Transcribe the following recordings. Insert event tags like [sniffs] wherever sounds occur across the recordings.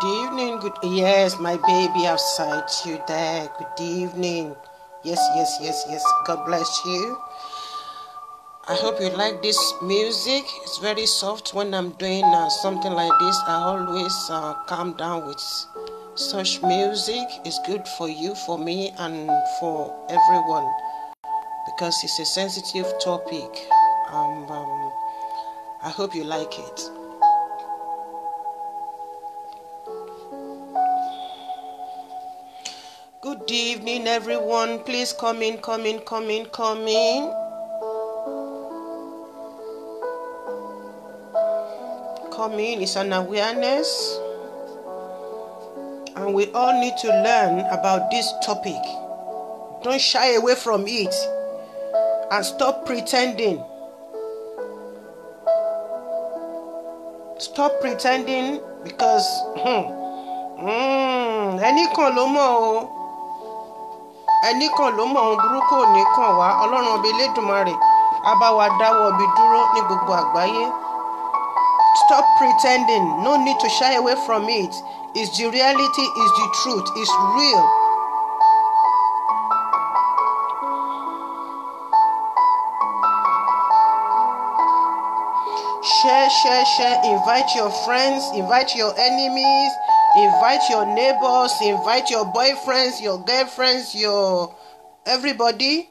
Good evening. Good yes, my baby outside you there. Good evening. Yes, yes, yes, yes. God bless you. I hope you like this music. It's very soft. When I'm doing uh, something like this, I always uh, calm down with such music. It's good for you, for me, and for everyone because it's a sensitive topic. Um, um, I hope you like it. evening, everyone. Please come in, come in, come in, come in. Come in It's an awareness. And we all need to learn about this topic. Don't shy away from it and stop pretending. Stop pretending because. Hmm, hmm, ẹnìkan ló ẹni kan ló mọ ohun burúkú ò ní wá ọlọ́run ọba elédùnmarè á dáwọ́ ibi dúró ní gbogbo àgbáyé. Stop pretending no need to shy away from it it's the reality it's the truth it's real. share share share invite your friends invite your enemies invite your neighbors invite your boyfriends your girlfriends your everybody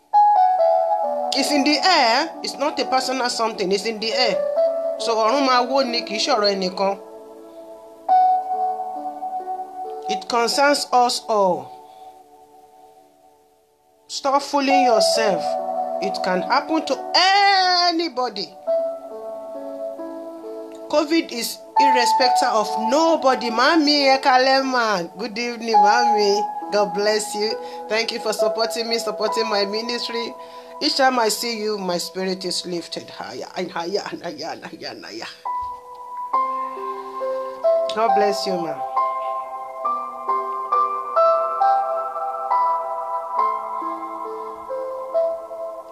it's in the air it's not a personal something it's in the air so ọ̀run máa wó ni kì í ṣọ̀rọ̀ ẹnìkan it concerns us all stop fooling yourself it can happen to anybody covid is irrespective of nobody. mami. Ekalema, good evening, mami. God bless you. Thank you for supporting me, supporting my ministry. Each time I see you, my spirit is lifted higher and higher and higher and higher and higher. God bless you, ma'am.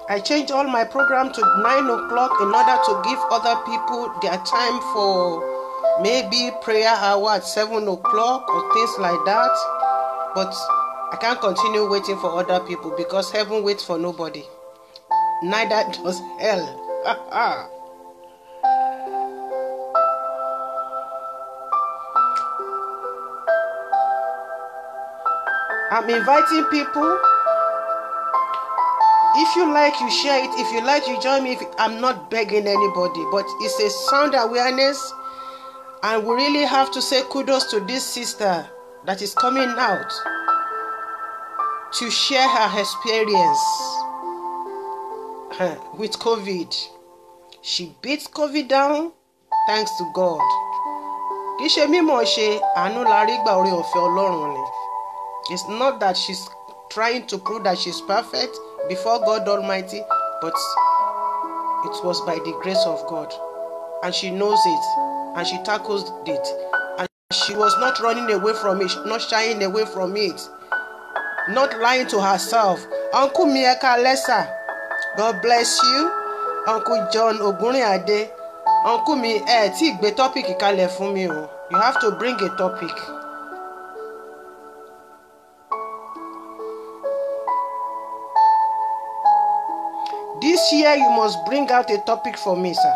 I changed all my program to 9 o'clock in order to give other people their time for maybe prayer hour at 7 o'clock or things like that. But I can't continue waiting for other people because heaven waits for nobody. Neither does hell. I'm inviting people. If you like, you share it. If you like, you join me. If I'm not begging anybody, but it's a sound awareness and we really have to say kudos to this sister that is coming out to share her experience with COVID. She beats COVID down thanks to God. í it's not that she's trying to prove that she's perfect before God Almighty but it was by the grace of God and she knows it. and she tackled it. And she was not running away from it, not shying away from it, not lying to herself. Uncle Mieka Lesa, God bless you. Uncle John Ogunrinade, Uncle mi ẹ tí gbé topic kalẹ̀ fún mi o. You have to bring a topic. This year you must bring out a topic for me, sir.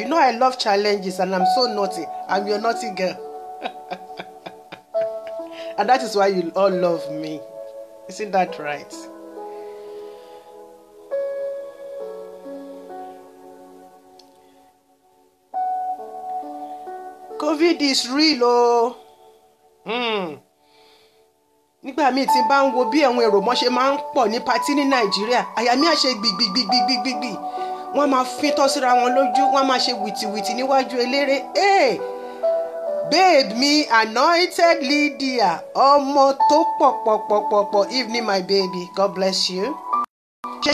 You know I love challenges and I'm so naughty. I'm your naughty girl. [laughs] and that is why you all love me. Isn't that right? COVID is real o. Hmm. nígbà míì tí n bá ń wo bí àwọn èrò mọ́ ṣe máa ń pọ̀ ní patí ní Nàìjíríà àyà mi á ṣe gbìgbìgbìgbìgbìgbì wọ́n máa fín síra wọn lójú wọ́n máa ṣe wìtìwìtì níwájú eléré hey, eh! babe mi anointed Lydia ọmọ tó pọ̀ pọ̀ pọ̀ pọ̀ pọ̀ evening my baby God bless you.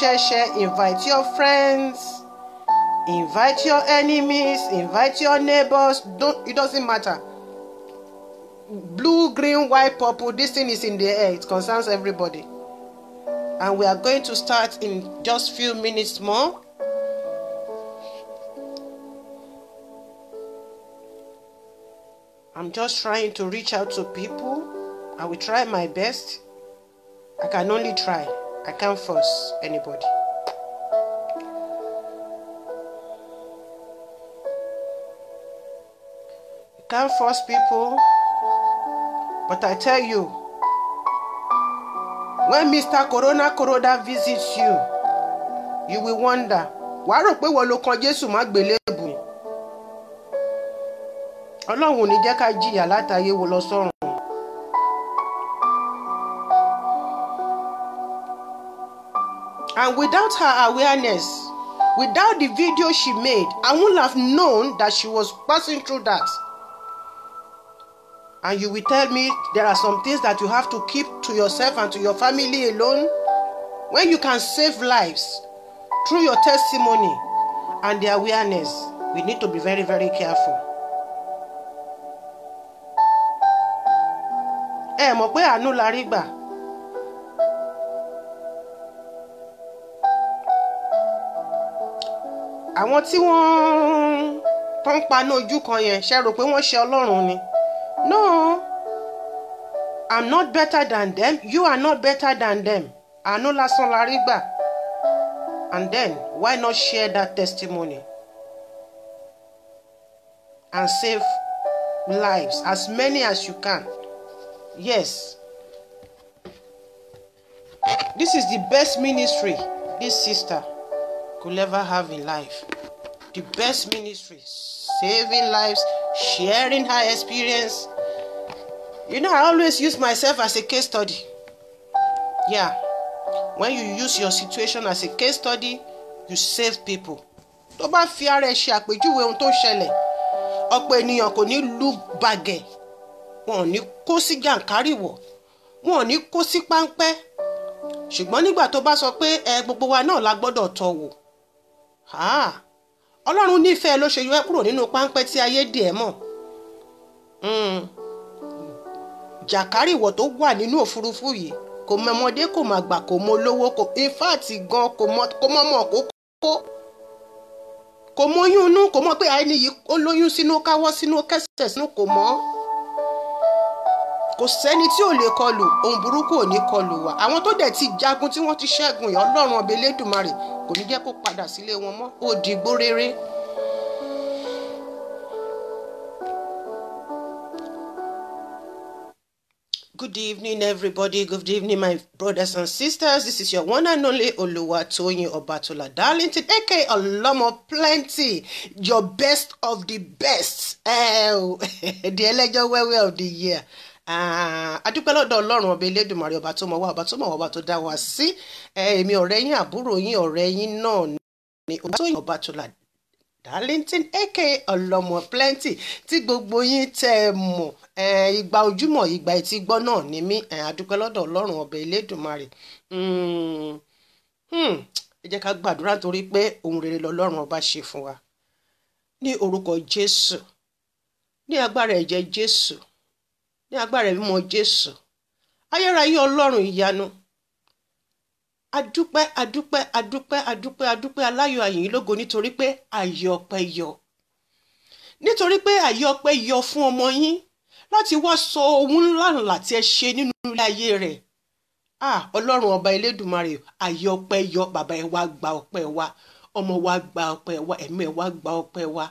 share share invite your friends invite your enemies invite your neighbors don't it doesn't matter blue green white purple this thing is in the air it concerns everybody and we are going to start in just few minutes more I'm just trying to reach out to people. I will try my best. I can only try. I can't force anybody. You can't force people. But I tell you, when Mr. Corona Corona visits you, you will wonder, why ọlọ́run ò ní jẹ́ ká jìyà látàyè wo lọ sọ́run. And without her awareness, without the video she made, I would have known that she was passing through that. And you will tell me there are some things that you have to keep to yourself and to your family alone when you can save lives through your testimony and the awareness. We need to be very, very careful. ẹ mọ̀ pé àánú la rí gbà. àwọn tí wọ́n tó ń paná ojú kan yẹn ṣe rò pé wọ́n ṣe ọlọ́run ni no i'm not better than them you are not better than them àánú lásán la rí gbà and then why not share that testimony and save lives as many as you can. Yes. This is the best ministry this sister could ever have in life. The best ministry, saving lives, sharing her experience. You know, I always use myself as a case study. Yeah. When you use your situation as a case study, you save people. tó bá fi ara ẹ̀ ṣe àpèjúwe ohun tó ṣẹlẹ̀ ọ̀pọ̀ ènìyàn kò ní lù bàgẹ́ wọn ò ní kó sí jàǹkárìwọ̀ wọn ò ní kó sí páńpẹ́ ṣùgbọ́n nígbà tó bá sọ pé ẹ gbogbo wa náà la gbọ́dọ̀ tọ̀ wò ọlọ́run nífẹ̀ẹ́ ló ṣe yọ ẹ́ kúrò nínú páńpẹ́ tí ayé dì ẹ́ mọ̀ hmm. jàǹkárìwọ̀ tó wà nínú òfurufú yìí kò mọ ọmọdé kò mà gbà kò mọ olówó kò ifáàtì gan kò mọ ọmọ kókó kò mọ oyún inú kò mọ pé àìníyí ó sínú káwọ́ sínú kẹsẹ̀ sínú kò mọ́ kò sẹ́ni tí ò lè kọlù ohun burúkú ò ní kọlù wá àwọn tó dẹ̀ ti jagun tí wọ́n ti ṣẹ́gun yìí ọlọ́run ọbẹ̀ lẹ́dùnmarè kò ní jẹ́ kó padà sílé wọn mọ́ ó di gbóréré. Good evening, everybody. Good evening, my brothers and sisters. This is your one and only Oluwatoyin Obatola Darlington, aka Olomo Plenty, your best of the best, uh, [laughs] the Elijah Wewe of the year adúpẹ́ ah, lọ́dọ̀ ọlọ́run ọba elédùnmarè ọba tó mọ̀ wá ọba tó mọ̀ wá ọba tó dá wa sí eh, èmi ọ̀rẹ́ yín àbúrò yín ọ̀rẹ́ yín náà ni ọba tó yìn ọba tó là Darlington aka ọlọmọ plenty tí gbogbo yín tẹ́ ẹ mọ̀ eh, ìgbà ojúmọ́ ìgbà etí gbọ́ náà ni mí eh, adúpẹ́ lọ́dọ̀ ọlọ́run ọba elédùnmarè hmm, hmm, ẹ jẹ́ ká gbàdúrà torí pé ohun rere lọ́lọ́run ọba ṣe fún wa ní orúkọ Jésù ní agbára ẹ̀jẹ̀ Jésù ní agbára ìbímọ Jésù ayérayé Ọlọ́run ìyanu adúpẹ́ adúpẹ́ adúpẹ́ adúpẹ́ adúpẹ́ aláyọ̀ àyìn lógo nítorí pé àyè ọpẹ́ yọ nítorí pé àyè ọpẹ́ yọ fún ọmọ yín láti wá sọ ohun ńlá ńlá tí ẹ ṣe nínú ilé ayé rẹ̀ ah Ọlọ́run ọba Elédùmarè àyè ọpẹ́ yọ bàbá ẹ wá gba ọpẹ́ wa ọmọ wa gba ọpẹ́ wa ẹ̀mí ẹ wá gba ọpẹ́ wa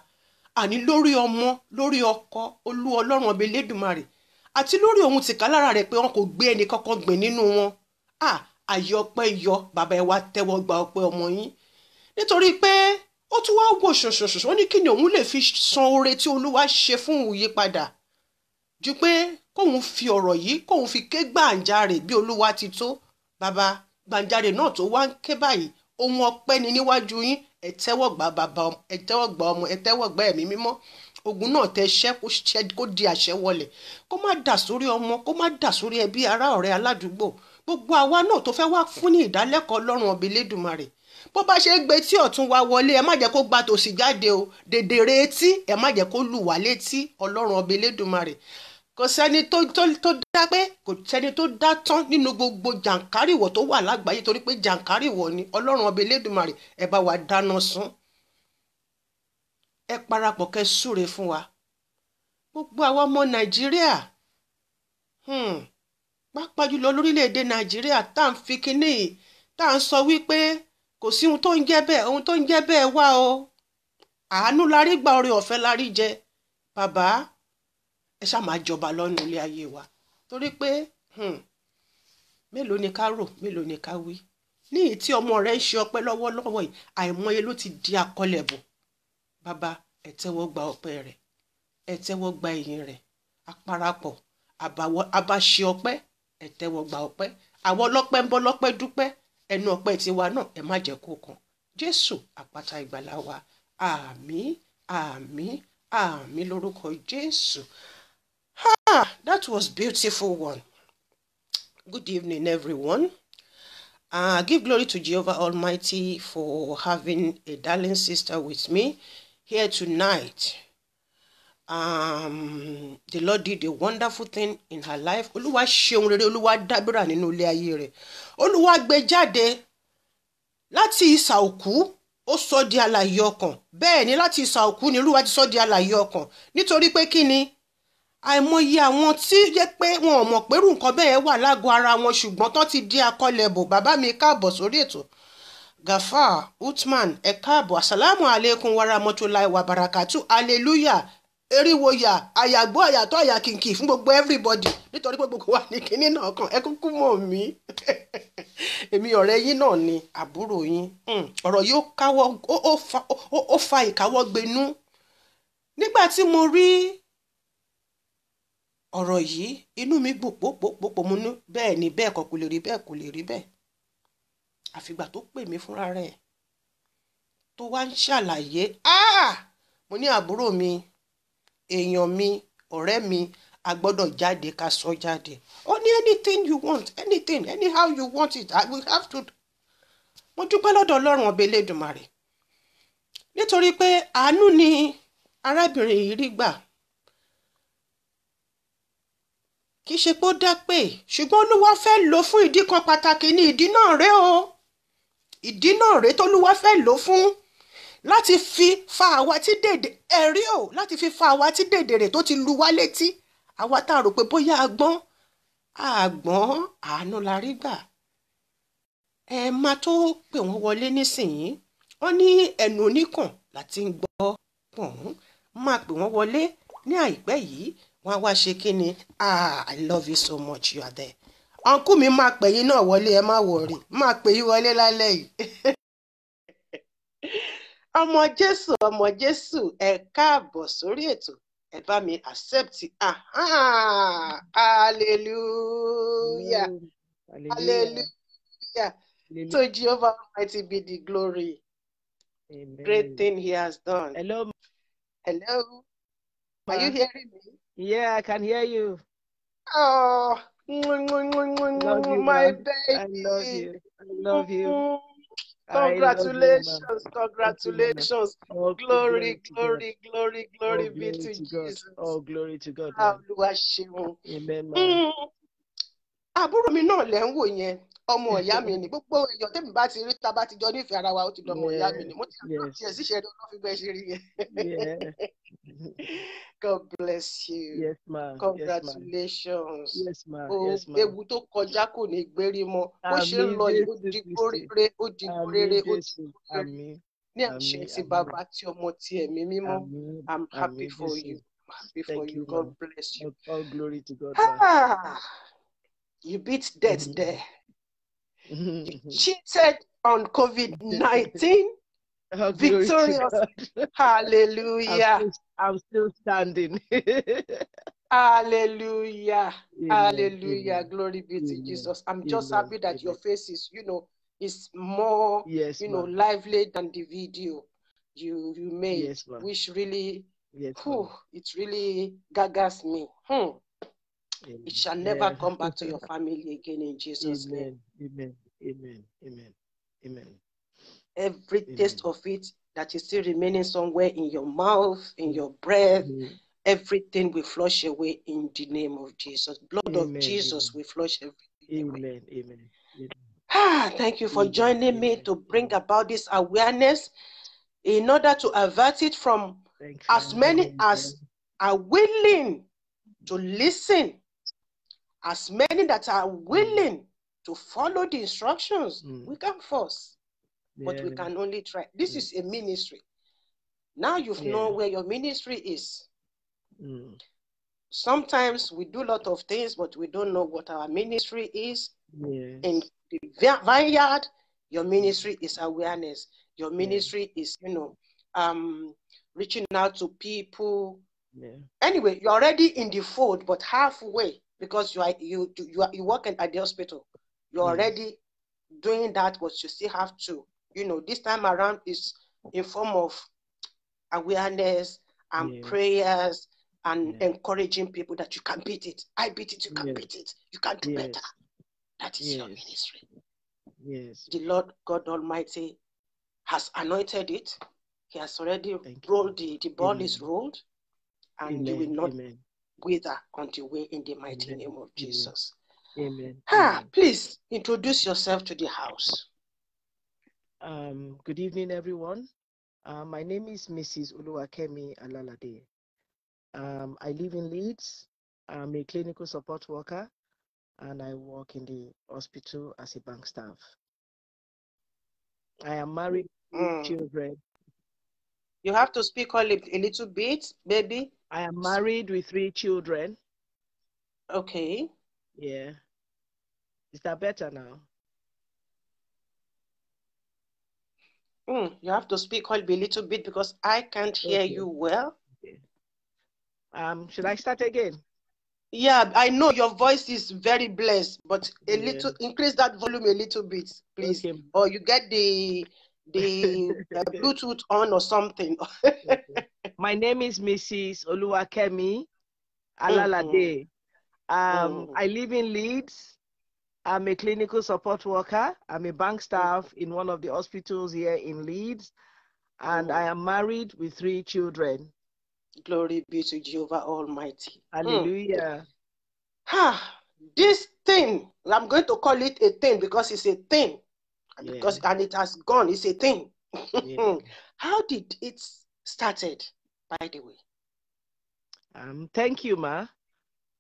àní lórí ọmọ lórí ọkọ olú Ọlọ́run ọba Elédùmarè àti lórí ohun tìkálára rẹ̀ pé wọn kò gbé ẹnì kankan gbìn nínú wọn àyè ọpẹ́ yọ bàbá ẹ wá tẹ́wọ́ gba ọpẹ́ ọmọ yín nítorí pé ó tún wá wò ṣòṣòṣòṣò ní kí ni òun lè fi san oore tí olúwa ṣe fún òun yípadà ju pé kóun fi ọ̀rọ̀ yìí kóun fi ké gbàǹjarè bí olúwa ti tó bàbá gbàǹjarè náà tó wá ń ké báyìí ohun ọpẹ́ ni níwájú yín ẹ tẹ́wọ́ gbà bàbá ẹ tẹ́wọ́ gbà ọmọ ẹ tẹ́wọ́ gbà ẹ̀mí mímọ́ ogun náà tẹ ṣẹ́ kó di àṣẹ wọlẹ̀ kó má dà sórí ọmọ kó má dà sórí ẹbí ará ọ̀rẹ́ aládùúgbò gbogbo àwa náà tó fẹ́ wá fún ní ìdálẹ́kọ̀ọ́ lọ́rùn ọ̀bẹ lẹ́dùnmarè bó bá ṣe gbé tí ọ̀tún wa wọlé ẹ má jẹ́ kó gba tòsí jáde o dèdèrè etí ẹ má jẹ́ kó lù wá létí ọlọ́run ọ̀bẹ lẹ́dùnmarè kò sẹ́ni tó tó dá pé kò sẹ́ni tó dá tán nínú gbogbo jàǹkárìwọ̀ tó wà lágbàáyé torí pé jàǹkárìwọ̀ ni ọlọ́run ọ̀bẹ lẹ́dùnmarè ẹ bá wa dáná sun ẹ parapọ̀ kẹ́ súre fún wa gbogbo àwa ọmọ nàìjíríà um hmm, pàápàá jùlọ lórílẹ̀‐èdè nàìjíríà tá à ń fi kínní tá à ń sọ wípé kò sí ohun tó ń jẹ́ bẹ́ẹ̀ ohun tó ń jẹ́ bẹ́ẹ̀ wá o àánú la gba oore ọ̀fẹ́ la jẹ bàbá ẹ ṣáà máa jọba lọ́nu ilé ayé wa torí pé um mélòó ni ká rò mélòó ni ká wí ní èyí tí ọmọ rẹ ń ṣe ọpẹ́ lọ́wọ́lọ́wọ́ yìí àìmọye ló ti di akọlẹ̀ bàbá ẹ tẹ́wọ́ gba ọpẹ́ rẹ̀ ẹ tẹ́wọ́ gba ìyìn rẹ̀ àparapọ̀ àbáṣe ọpẹ́ ẹ tẹ́wọ́ gba ọpẹ́ àwọn ọlọ́pẹ́ ń lọ́pẹ́ dúpẹ́ ẹnu ọpẹ́ tiwa náà ẹ má jẹ́ kó jésù àpáta ìgbàlà wa àmín àmín lórúkọ jésù ah that was beautiful one good evening everyone uh, give glory to jehovah almighty for having a darling sister with me here tonight. Um, the Lord did a wonderful thing in her life. Olúwa ṣeun rere, Olúwa dábìrà nínú ilé ayé rẹ̀. Olúwa gbé jáde láti ìsà òkú ó sọ di alàyè ọkàn bẹ́ẹ̀ ni láti ìsà òkú ni Olúwa ti sọ di alàyè ọkàn nítorí pé kí ni àìmọye àwọn tí yẹ pé wọn ò mọ̀ pé nǹkan bẹ́ẹ̀ wà lágọ̀ọ́ ara wọn ṣùgbọ́n tán ti di akọlẹ̀bò bàbá mi káàbọ̀ sórí ètò gafar uthman ẹ káàbọ̀ asalaamu aleykum warahmatulahi wabarakatu hallelujah eriwoya àyàgbọ́ àyàtọ̀ àyàkìnkì fún gbogbo everybody nítorí pé gbogbo wa ní kinní náà kan ẹ kúkú mọ̀ mí [laughs] èmi ọ̀rẹ́ yín náà ni àbúrò yín hmm, ọ̀rọ̀ yìí ó fa ìkáwọ́ gbenú nígbà tí mo rí ọ̀rọ̀ yìí inú mi gbòpòpòpò mo ní bẹ́ẹ̀ ni bẹ́ẹ̀ kọ́ kò lè rí bẹ́ẹ̀ kò lè rí bẹ́ẹ̀ àfìgbà tó pè mí fúnra rẹ̀ tó wá ń ṣàlàyé ah! mo ní àbúrò mi èèyàn mi ọ̀rẹ́ mi a gbọ́dọ̀ jáde ká sọ jáde ó ní anything you want anything anyhow you want it i will have to. mo dúpẹ́ lọ́dọ̀ ọlọ́run ọba elédùnmarè nítorí pé àánú ni arábìnrin yìí rí gbà kì í ṣe pé ó dá pé ṣùgbọ́n olúwa fẹ́ lò fún ìdí kan pàtàkì ní ìdí náà rẹ o ìdí náà rèé tólúwa fẹ́ lò fún láti fi fa àwa tí dèdè ẹ̀rí o láti fi fa àwa tí dèdè rẹ̀ tó ti lu wá létí àwa tá a rò pé bóyá agbọ́n àgbọ́n àánú la rí gbà ẹ má tó pè wọ́n wọlé nísìnyí wọ́n ní ẹnu oníkàn láti ń gbọ́ pọ̀n máa pè wọ́n wọlé ní àìpẹ́ yìí wọ́n á wá ṣe kí ni ah i love you so much you are there ọ̀nkú mi máa pè yín náà wọlé ẹ má wọ̀rí máa pè yín wọlé lálẹ́ yìí. [laughs] ọmọ jésù ọmọ jésù ẹ káàbọ̀ sórí ètò ẹ bá mi accept hallelujah hallelujah to jehovah almighty be the glory Amen. great thing he has done. hello. hello. are you uh, hearing me. yeah i can hear you. oh. my baby. I love you. I love you. Mm-hmm. Congratulations, you, congratulations. Oh, glory, glory, glory, glory, glory, be to, to Jesus. Oh, glory to God. Amen. Mm-hmm. Àbúrò lẹ́ ń ọmọ ìyá mi ni gbogbo èèyàn tèmi bá ti rí ta bá ti jọ nífẹ̀ẹ́ ara wa ó ti di ọmọ ìyá mi ni mo ti rí ọtí ẹ̀ síṣẹ́ ẹni ọlọ́fi bẹ́ẹ̀ ṣe rí yẹn. [laughs] God bless you. Yes, ma'am. Congratulations. Yes, ma'am. Yes, ma'am. Ewu tó kọjá kò ní gbérí mọ́. Bó ṣe ń lọ yìí ó di kórèrè ó di kórèrè ó di kórèrè. Ní àṣẹ ti bàbá tí ọmọ ti ẹ̀mí mímọ́. I'm happy for you. I'm happy for you. God bless you. All glory to God. Ah, you beat death there. cheated mm-hmm. on COVID 19. [laughs] Oh, victorious. Hallelujah. I'm still, I'm still standing. [laughs] Hallelujah. Hallelujah. Glory be to Jesus. I'm just happy that your face is, you know, is more, yes, you know, lively than the video you you made, yes, which really, yes, whew, it really gags me. Hmm. It shall never come back to your [laughs] family again in Jesus' name. Amen. Amen. Amen. Amen. Every taste of it that is still remaining somewhere in your mouth, in mm. your breath, mm. everything will flush away in the name of Jesus. Blood of Jesus will flush everything. Amen. Amen. Ah, thank you for joining me to bring about this awareness in order to avert it from as many as are willing to listen as many that are willing to follow the instructions, mm. we can force, yeah. but we can only try. This mm. is a ministry. Now you've yeah. known where your ministry is. Mm. Sometimes we do a lot of things, but we don't know what our ministry is. In the vineyard, your ministry is awareness. Your ministry yeah. is, you know, um, reaching out to people. Yeah. Anyway, you're already in the fold, but halfway, because you are you you are, you work at the hospital. You're mm. already doing that, but you still have to. You know, this time around is in form of awareness and yeah. prayers and yeah. encouraging people that you can beat it. I beat it. You can beat it. You can do yes. better. That is yes. your ministry. Yes. The Lord God Almighty has anointed it. He has already Thank rolled you. the, the ball Amen. is rolled, and Amen. you will not Amen wither until we in the mighty Amen. name of Jesus. Amen. Ha, Amen. please introduce yourself to the house. Um, good evening, everyone. Uh, my name is Mrs. Uluakemi Alalade. Um, I live in Leeds. I'm a clinical support worker and I work in the hospital as a bank staff. I am married with mm. children you have to speak a little bit, baby. I am married with three children. Okay. Yeah. Is that better now? Mm, you have to speak a little bit because I can't hear okay. you well. Okay. Um, should I start again? Yeah, I know your voice is very blessed, but a yeah. little increase that volume a little bit, please. Okay. Or you get the the Bluetooth on or something. [laughs] My name is Mrs. Oluwakemi Alalade. Mm-hmm. Um, mm-hmm. I live in Leeds. I'm a clinical support worker. I'm a bank staff in one of the hospitals here in Leeds. And mm-hmm. I am married with three children. Glory be to Jehovah Almighty. Hmm. Hallelujah. Ha! This thing, I'm going to call it a thing because it's a thing yeah. because and it has gone. It's a thing. Yeah. [laughs] How did it started? By the way. Um, thank you, ma.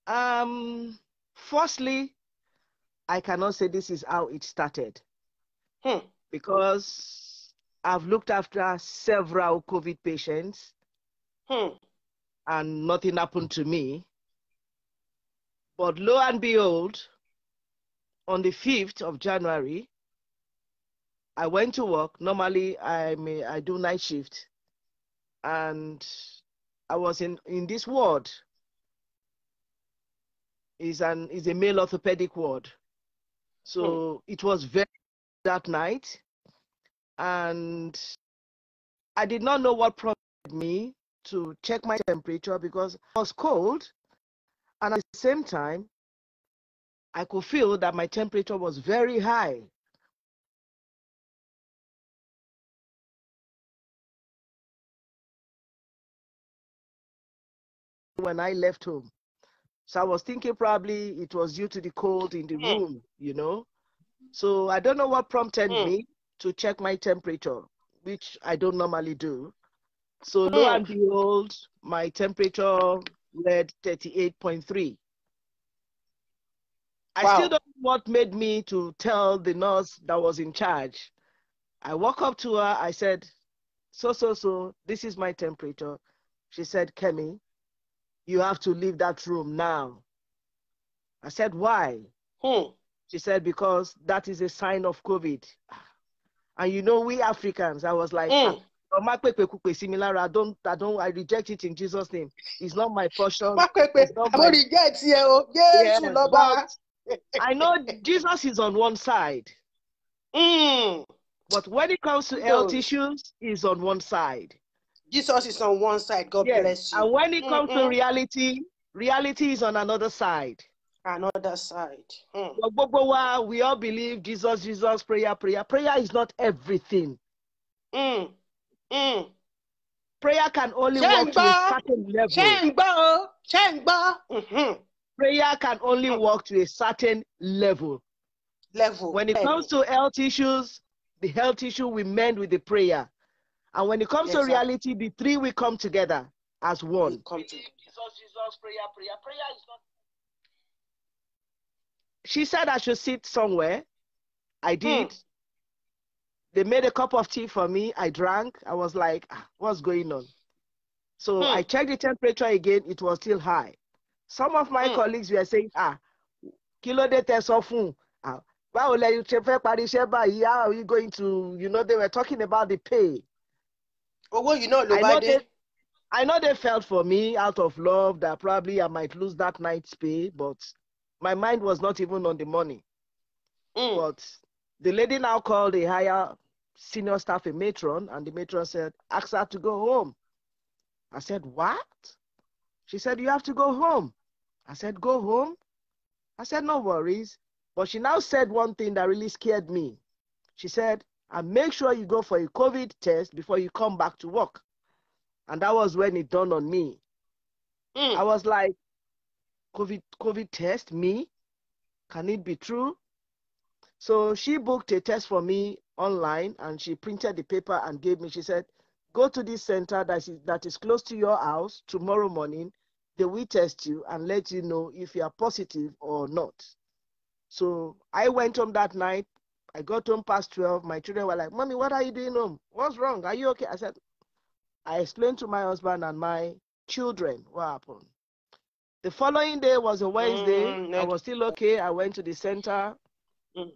Um, firstly, I cannot say this is how it started hmm. because I've looked after several COVID patients hmm. and nothing happened to me. But lo and behold, on the 5th of January, I went to work. Normally, I may I do night shift, and I was in in this ward. is an is a male orthopedic ward, so hmm. it was very that night, and I did not know what prompted me to check my temperature because I was cold, and at the same time, I could feel that my temperature was very high. when I left home. So I was thinking probably it was due to the cold in the mm. room, you know. So I don't know what prompted mm. me to check my temperature, which I don't normally do. So mm. lo hmm. and behold, my temperature read 38.3. I wow. still don't know what made me to tell the nurse that was in charge. I walk up to her, I said, so, so, so, this is my temperature. She said, Kemi, you have to leave that room now. I said, Why? Hmm. She said, Because that is a sign of COVID. And you know, we Africans, I was like, mm. Similar, I don't, I don't, I reject it in Jesus' name. It's not my portion. [laughs] I you. Oh, [laughs] I know Jesus is on one side, mm. but when it comes to health issues, he's on one side. Jesus is on one side. God yes. bless you. And when it comes mm to reality, reality is on another side. Another side. Mm. But we all believe Jesus, Jesus, prayer, prayer. Prayer is not everything. Mm. Mm. Prayer can only work to a certain level. Shen-ba. Chengba. -hmm. Prayer can only mm-hmm. hmm. work to a certain level. Level. When it comes to health issues, the health issue we mend with the prayer. And when it comes yes, to reality, sir. the three will come together as one. come Jesus, Jesus, prayer, prayer. Prayer is not. She said I should sit somewhere. I hmm. did. Hmm. They made a cup of tea for me. I drank. I was like, ah, what's going on? So hmm. I checked the temperature again. It was still high. Some of my hmm. colleagues were saying, ah, kilo de tesofun. Ah, how are you going to, you know, they were talking about the pay owó yìí náà I know they felt for me out of love that probably I might lose that night's pay, but my mind was not even on the money. Mm. But the lady now called a higher senior staff, a matron, and the matron said, Ask her to go home. I said, What? She said, You have to go home. I said, Go home. I said, No worries. But she now said one thing that really scared me. She said, and make sure you go for a COVID test before you come back to work. And that was when it dawned on me. Mm. I was like, COVID, COVID test, me? Can it be true? So she booked a test for me online and she printed the paper and gave me, she said, go to this center that is, that is close to your house tomorrow morning. They will test you and let you know if you are positive or not. So I went home that night, I got home past 12. My children were like, Mommy, what are you doing home? What's wrong? Are you okay? I said, I explained to my husband and my children what happened. The following day was a Wednesday. Mm, I was still okay. I went to the center. Mm.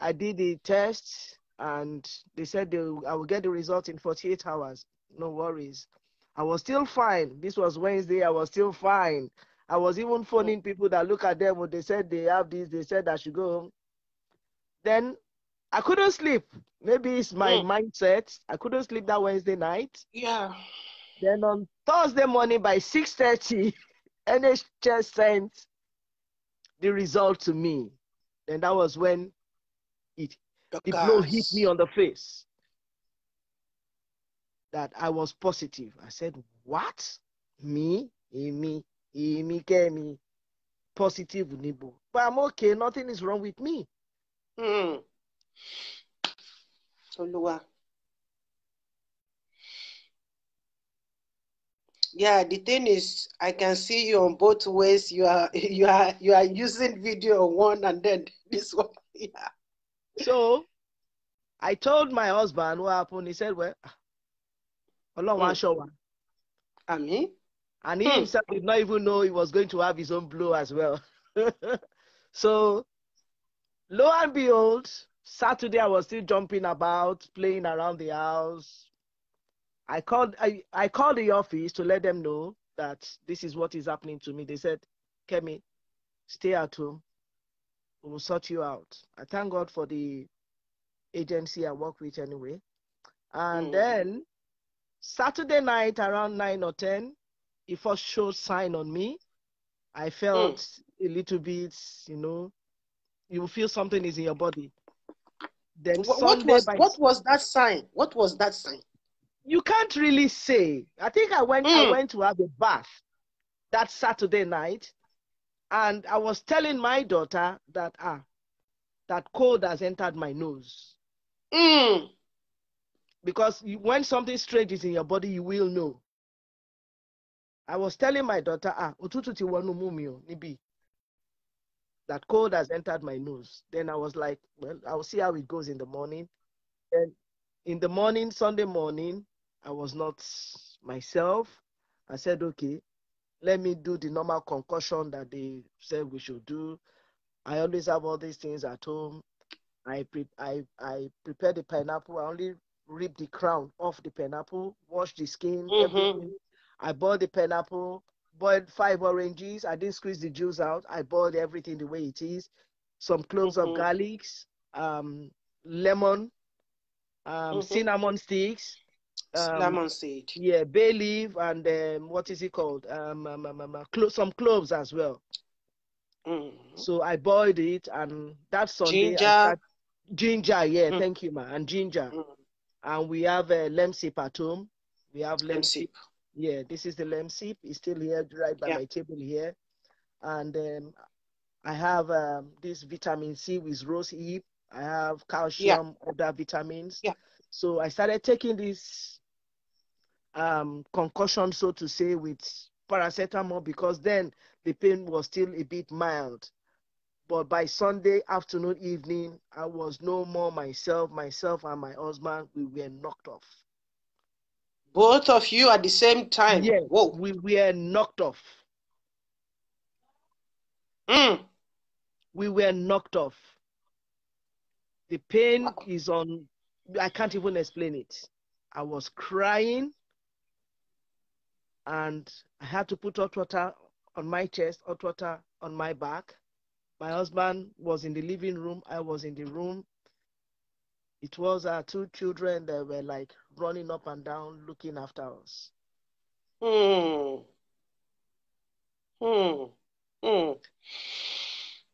I did the test, and they said they, I will get the result in 48 hours. No worries. I was still fine. This was Wednesday. I was still fine. I was even phoning people that look at them. When they said they have this, they said I should go home. Then I couldn't sleep. Maybe it's my mm. mindset. I couldn't sleep that Wednesday night. Yeah. Then on Thursday morning by 6.30, NHS [laughs] sent the result to me. And that was when it, the, the blow hit me on the face. That I was positive. I said, what? Me? Me? Me? Me? Positive. But I'm okay. Nothing is wrong with me. Mm. Olua. Yeah, the thing is, I can see you on both ways. You are [laughs] you are you are using video on one and then [laughs] this one. Yeah. So I told my husband what happened. He said, Well, Ọlọ́run hmm. one." And he, And he hmm. himself did not even know he was going to have his own blow as well. [laughs] so, lo and behold, Saturday, I was still jumping about, playing around the house. I called, I, I called the office to let them know that this is what is happening to me. They said, Kemi, stay at home. We will sort you out. I thank God for the agency I work with anyway. And mm. then Saturday night around 9 or 10, it first showed sign on me. I felt mm. a little bit, you know, you feel something is in your body. Then what, was by... what was that sign? What was that sign? You can't really say. I think I went mm. I hmm. went to have a bath that Saturday night, and I was telling my daughter that ah, that cold has entered my nose. Mm. Because when something strange is in your body, you will know. I was telling my daughter, ah, otutu wonu nibi that cold has entered my nose. Then I was like, well, I'll see how it goes in the morning. And in the morning, Sunday morning, I was not myself. I said, okay, let me do the normal concussion that they said we should do. I always have all these things at home. I pre- I I prepare the pineapple. I only rip the crown off the pineapple, wash the skin. Mm-hmm. I bought the pineapple boiled five oranges. I didn't squeeze the juice out. I boiled everything the way it is. Some cloves mm-hmm. of garlics, um, lemon, um, mm-hmm. cinnamon sticks. Um, lemon seed. Yeah, bay leaf and um, what is it called? Um, um, um, um, um clo- some cloves as well. Mm. So I boiled it and that Sunday. Ginger. ginger, yeah, mm. thank you, ma. And ginger. Mm. And we have uh, at home. We have soup. Yeah, this is the lamb sip. It's still here, right by yeah. my table here. And um, I have um, this vitamin C with rose hip. I have calcium, yeah. other vitamins. Yeah. So I started taking this um, concussion, so to say, with paracetamol because then the pain was still a bit mild. But by Sunday afternoon, evening, I was no more myself. Myself and my husband, we were knocked off. Both of you at the same time. Yes, Whoa. we were knocked off. Mm. We were knocked off. The pain is on, I can't even explain it. I was crying and I had to put hot water on my chest, hot water on my back. My husband was in the living room, I was in the room it was our two children that were like running up and down looking after us. Hmm. Hmm. Hmm.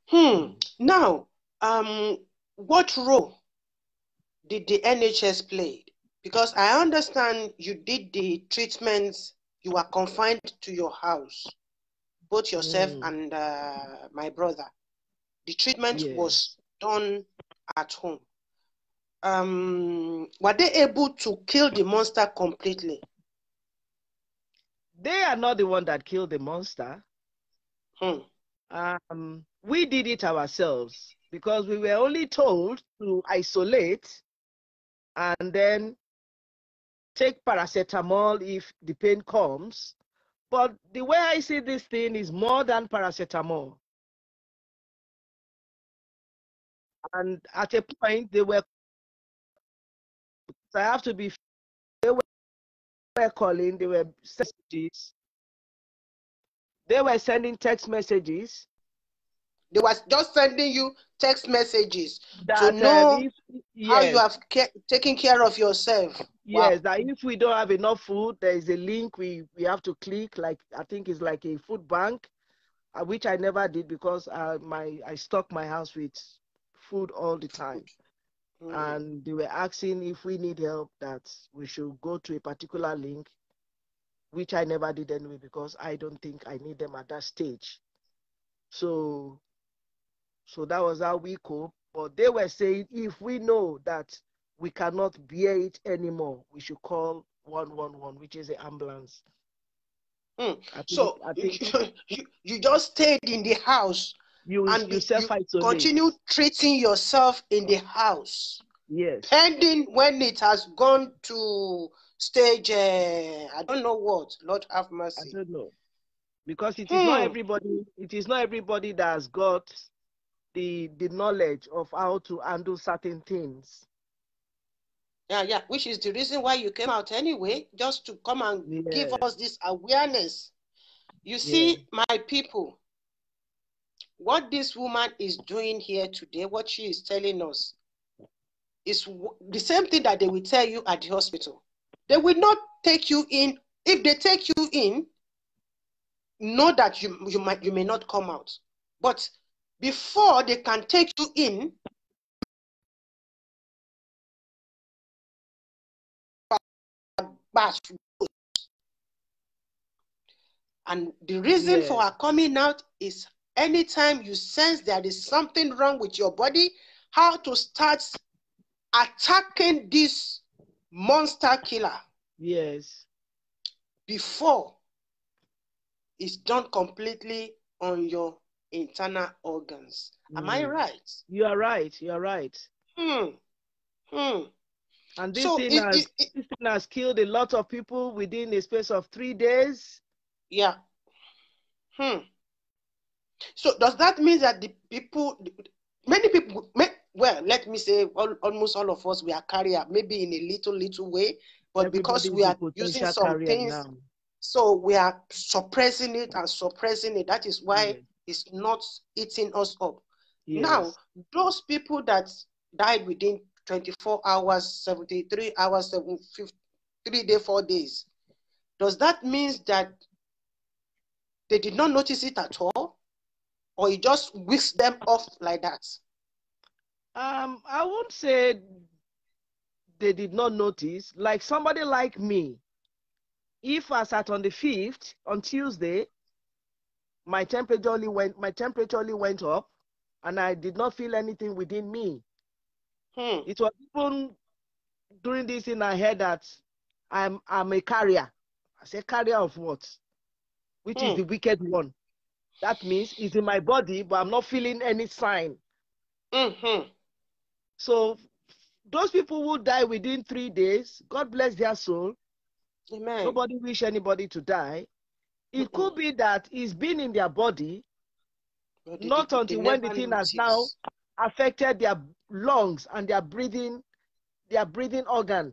Hmm. Now, um, what role did the NHS play? Because I understand you did the treatments, you were confined to your house, both yourself mm. and uh, my brother. The treatment yes. was done at home um, were they able to kill the monster completely? They are not the one that killed the monster. Hmm. Um, we did it ourselves because we were only told to isolate and then take paracetamol if the pain comes. But the way I see this thing is more than paracetamol. And at a point, they were so I have to be. They were calling. They were messages. They were sending text messages. They were just sending you text messages that, to know uh, if, yes. how you have taken care of yourself. Yes, wow. that if we don't have enough food, there is a link we, we have to click. Like I think it's like a food bank, uh, which I never did because uh, my I stock my house with food all the time. Mm. And they were asking if we need help that we should go to a particular link, which I never did anyway because I don't think I need them at that stage. So, so that was how we cope. But they were saying if we know that we cannot bear it anymore, we should call 111, which is the ambulance. Mm. Think, so think... [laughs] you, you just stayed in the house you, and you continue treating yourself in the house. Yes. Pending when it has gone to stage, uh, I don't know what. Lord have mercy. I don't know, because it hmm. is not hmm. everybody. It is not everybody that has got the the knowledge of how to handle certain things. Yeah, yeah. Which is the reason why you came out anyway, just to come and give us this awareness. You see, yeah. my people, what this woman is doing here today, what she is telling us, is the same thing that they will tell you at the hospital. They will not take you in. If they take you in, know that you, you, might, you may not come out. But before they can take you in, and the reason yeah. for her coming out is anytime you sense there is something wrong with your body, how to start attacking this monster killer. Yes. Before it's done completely on your internal organs. Mm. Am I mm. right? You are right. You are right. Hmm. Hmm. And this, so thing it, has, it, it, this thing has killed a lot of people within a space of three days. Yeah. Hmm. So does that mean that the people, many people, well, let me say all, almost all of us, we are carrier, maybe in a little, little way, but Everybody because we are using some things, now. so we are suppressing it and suppressing it. That is why yes. it's not eating us up. Yes. Now, those people that died within 24 hours, 73 hours, three day, four days, does that mean that they did not notice it at all? or he just whisks them off like that? Um, I won't say they did not notice. Like somebody like me, if I sat on the fifth on Tuesday, my temperature only went my temperature only went up, and I did not feel anything within me. Hmm. It was even during this in my head that I'm I'm a carrier. I say carrier of what? Which hmm. is the wicked one. That means it's in my body, but I'm not feeling any sign. Mm-hmm. So those people will die within three days, God bless their soul. Amen. Nobody wish anybody to die. It mm-hmm. could be that it's been in their body, not until when the thing has now affected their lungs and their breathing, their breathing organ.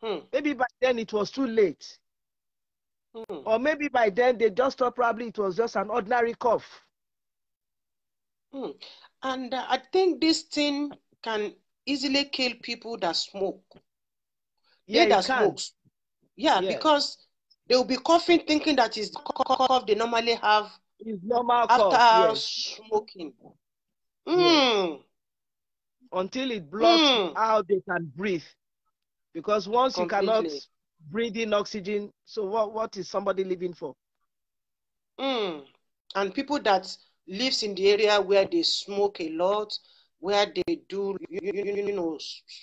Hmm. Maybe by then it was too late. Hmm. Or maybe by then they just thought probably it was just an ordinary cough. Hmm. And uh, I think this thing can easily kill people that smoke. Yeah, they that smokes. Yeah, yeah, because they will be coughing thinking that is cough, cough they normally have it's normal after cough, yes. smoking. Mm. Yes. Until it blocks mm. how they can breathe. Because once Completely. you cannot breathing oxygen. So what, what is somebody living for? Mm. And people that lives in the area where they smoke a lot, where they do, you, know,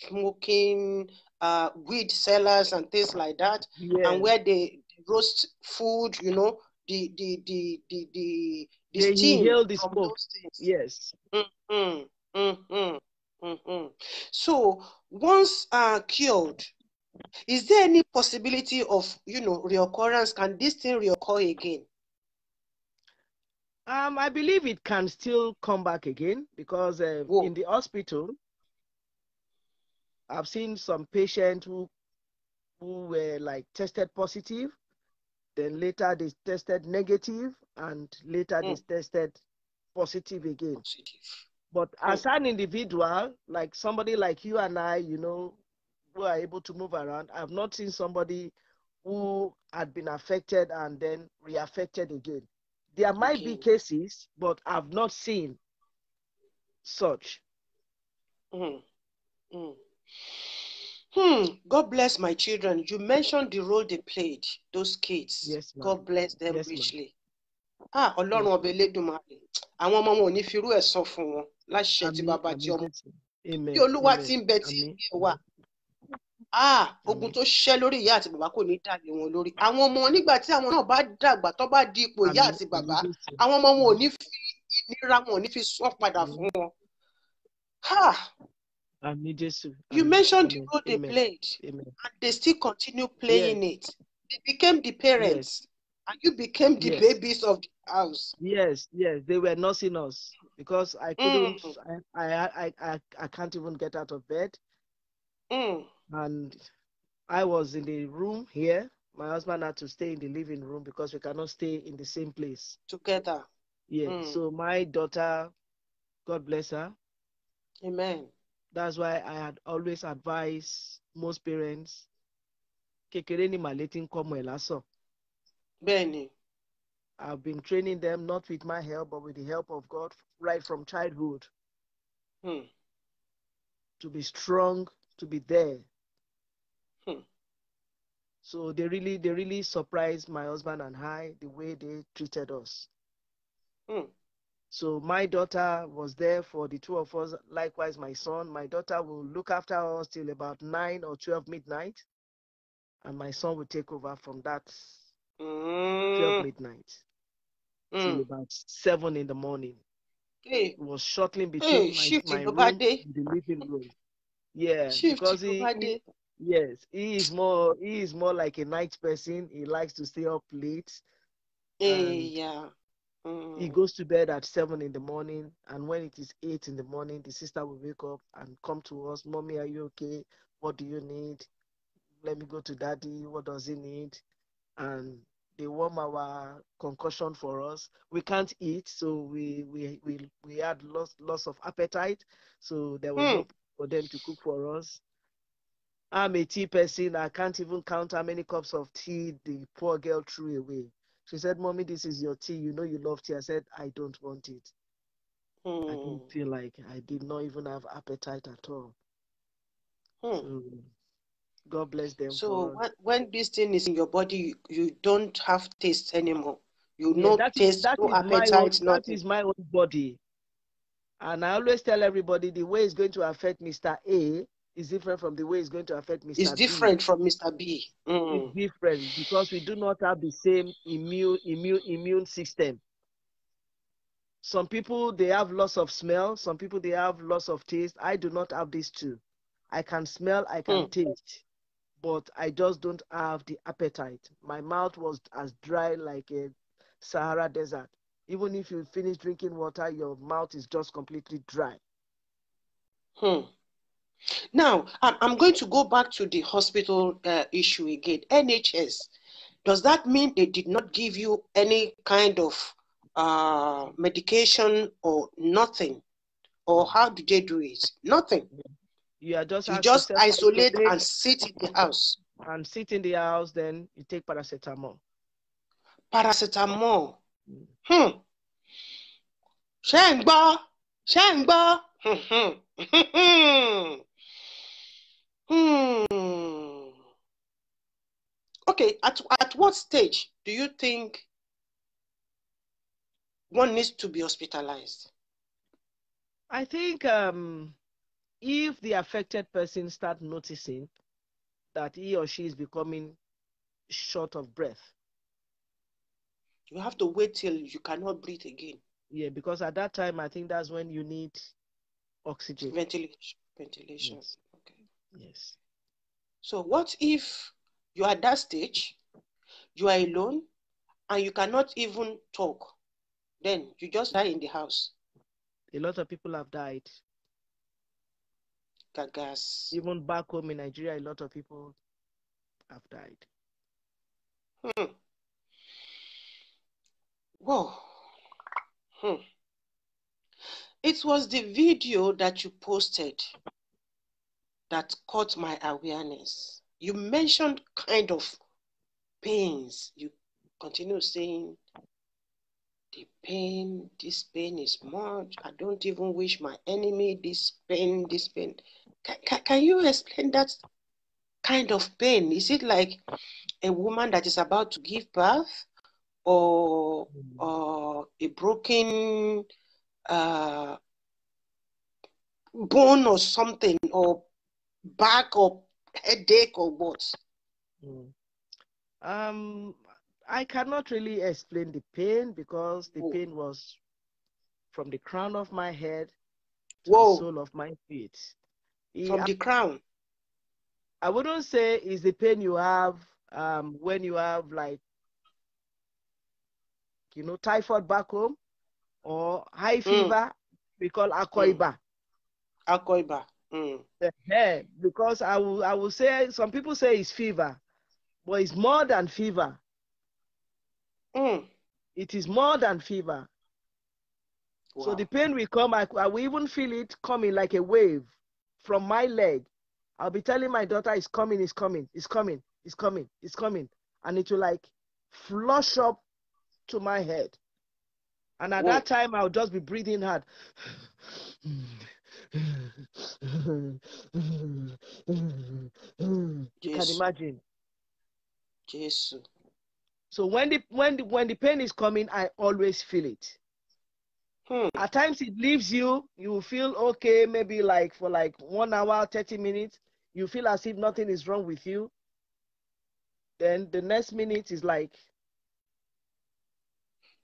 smoking, uh, weed sellers and things like that, and where they roast food, you know, the, the, the, the, the, the they steam the smoke. Yes. Mm-hmm. Mm-hmm. Mm-hmm. So once uh, cured, is there any possibility of, you know, reoccurrence? Can this thing reoccur again? Um, I believe it can still come back again because uh, in the hospital, I've seen some patients who who were like tested positive, then later they tested negative, and later mm. they hmm. tested positive again. Positive. But as hmm. an individual, like somebody like you and I, you know, who are able to move around. I've not seen somebody who had been affected and then reaffected again. There might okay. be cases, but I've not seen such. Mm. Mm. Hmm. God bless my children. You mentioned the role they played, those kids. Yes, God bless them yes, richly. Ah, Ọlọ́run ọba Elédùmarè. Àwọn ọmọ wọn ò ní firú ẹ̀ sọ fún wọn láṣẹ ti bàbá ti ọmọ. Olúwa bẹ tí wa, ah ogun tó ṣẹ́ lórí ìyá àti bàbá kò ní dàgbé wọn lórí àwọn ọmọ nígbà tí àwọn náà bá dàgbà tó bá di ipò ìyá àti bàbá àwọn ọmọ wọn ò ní fi ìnira wọn ò ní fi sọ padà fún wọn. You mentioned the role they played and they still continue playing it. They became the parents and you became the yes. babies of the house. Yes, yes, they were nursing us because I couldn't, mm. I, I, I, I, I can't even get out of bed. Mm and I was in the room here. My husband had to stay in the living room because we cannot stay in the same place together. Yeah. Mm. So my daughter, God bless her. Amen. That's why I had always advised most parents. Bẹ́ẹ̀ni. I've been training them not with my help but with the help of God right from childhood. Hmm. To be strong, to be there, so they really, they really surprised my husband and I the way they treated us. Mm. So my daughter was there for the two of us. Likewise, my son. My daughter will look after us till about nine or twelve midnight, and my son will take over from that mm. twelve hmm. midnight mm. till about seven in the morning. Hey. It was shortly hmm. between hey, my, my room the living room. Yeah, Shift because he, Yes, he is more he is more like a night person. He likes to stay up late. Eh, yeah. Mm. He goes to bed at seven in the morning, and when it is eight in the morning, the sister will wake up and come to us. Mommy, are you okay? What do you need? Let me go to daddy. What does he need? And they warm our concussion for us. We can't eat, so we we we, we had lost lots of appetite. So there was mm. no for them to cook for us. I'm a tea person. I can't even count how many cups of tea the poor girl threw away. She said, Mommy, this is your tea. You know you love tea. I said, I don't want it. I hmm. didn't feel like I did not even have appetite at all. Mm. So, God bless them. So for... when this thing is in your body, you, you don't have taste anymore. You yeah, no taste, is, no appetite. Own, nothing. That is my own body. And I always tell everybody the way it's going to affect Mr. A is different from the way it's going to affect Mr. It's B. different from Mr. B. Mm. It's different because we do not have the same immune immune immune system. Some people they have loss of smell, some people they have loss of taste. I do not have these two. I can smell, I can mm. taste, but I just don't have the appetite. My mouth was as dry like a Sahara desert. Even if you finish drinking water, your mouth is just completely dry. Hmm. Now, I'm going to go back to the hospital uh, issue again. NHS, does that mean they did not give you any kind of uh, medication or nothing? Or how did they do it? Nothing. You are just, you just isolate and sit in the house. And sit in the house, then you take paracetamol. Paracetamol. Hmm. Shengba. Hmm. Shengba. Hmm. Okay, at, at what stage do you think one needs to be hospitalized? I think um, if the affected person start noticing that he or she is becoming short of breath, you have to wait till you cannot breathe again. Yeah, because at that time, I think that's when you need oxygen. Ventilation. Ventilation. Yes. Yes. So what if you are at that stage, you are alone, and you cannot even talk? Then you just die in the house. A lot of people have died. Gagas. Even back home in Nigeria, a lot of people have died. Hmm. Whoa. Hmm. It was the video that you posted that caught my awareness. You mentioned kind of pains. You continue saying, the pain, this pain is much. I don't even wish my enemy this pain, this pain. Can, can, can you explain that kind of pain? Is it like a woman that is about to give birth or, mm. or a broken uh, bone or something or back or headache or what? Hmm. Um, I cannot really explain the pain because the Whoa. Oh. pain was from the crown of my head to Whoa. the sole of my feet. From the crown. I wouldn't say is the pain you have um, when you have like you know typhoid back home or high hmm. fever. Mm. We call hmm. akoiba. Mm. Akoiba. Mm. Yeah, eh, because I will, I will say some people say it's fever, but it's more than fever. Mm. It is more than fever. Wow. So the pain will come. I, I will even feel it coming like a wave from my leg. I'll be telling my daughter, "It's coming, it's coming, it's coming, it's coming, it's coming," and it will like flush up to my head. And at Whoa. that time, I'll just be breathing hard. [sighs] Mm you can imagine. Jesus. So when the when the when the pain is coming, I always feel it. Hmm. At times it leaves you, you feel okay, maybe like for like one hour, 30 minutes, you feel as if nothing is wrong with you. Then the next minute is like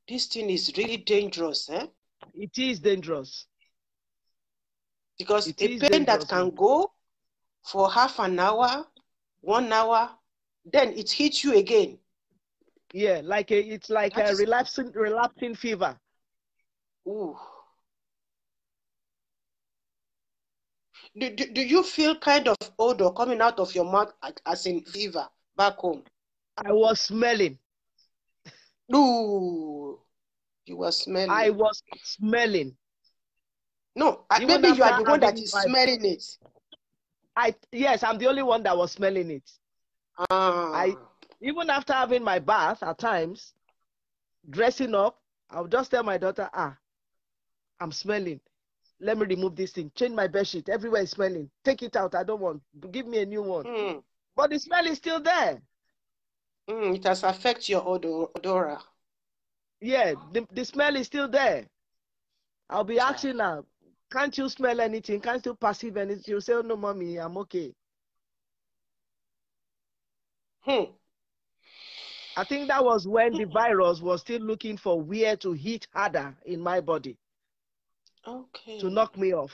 this thing is really dangerous, eh? It is dangerous. Because it a pain that can go for half an hour, one hour, then it hits you again. Yeah, like a, it's like that a is... relapsing, relapsing fever. Ooh. Do, do, do you feel kind of odor coming out of your mouth as in fever back home? I was smelling. Ooh. You were smelling. I was smelling. No, you maybe you are the one that is smelling it. I yes, I'm the only one that was smelling it. Ah. I even after having my bath at times, dressing up, I'll just tell my daughter, ah, I'm smelling. Let me remove this thing. Change my bed sheet. Everywhere is smelling. Take it out. I don't want. Give me a new one. Mm. But the smell is still there. Mm, it has affected your odor, odora. Yeah, the, the smell is still there. I'll be asking her, can't you smell anything? Can't you perceive anything? You say, oh, no, mommy, I'm okay. Hmm. I think that was when the hmm. virus was still looking for where to hit harder in my body. Okay. To knock me off.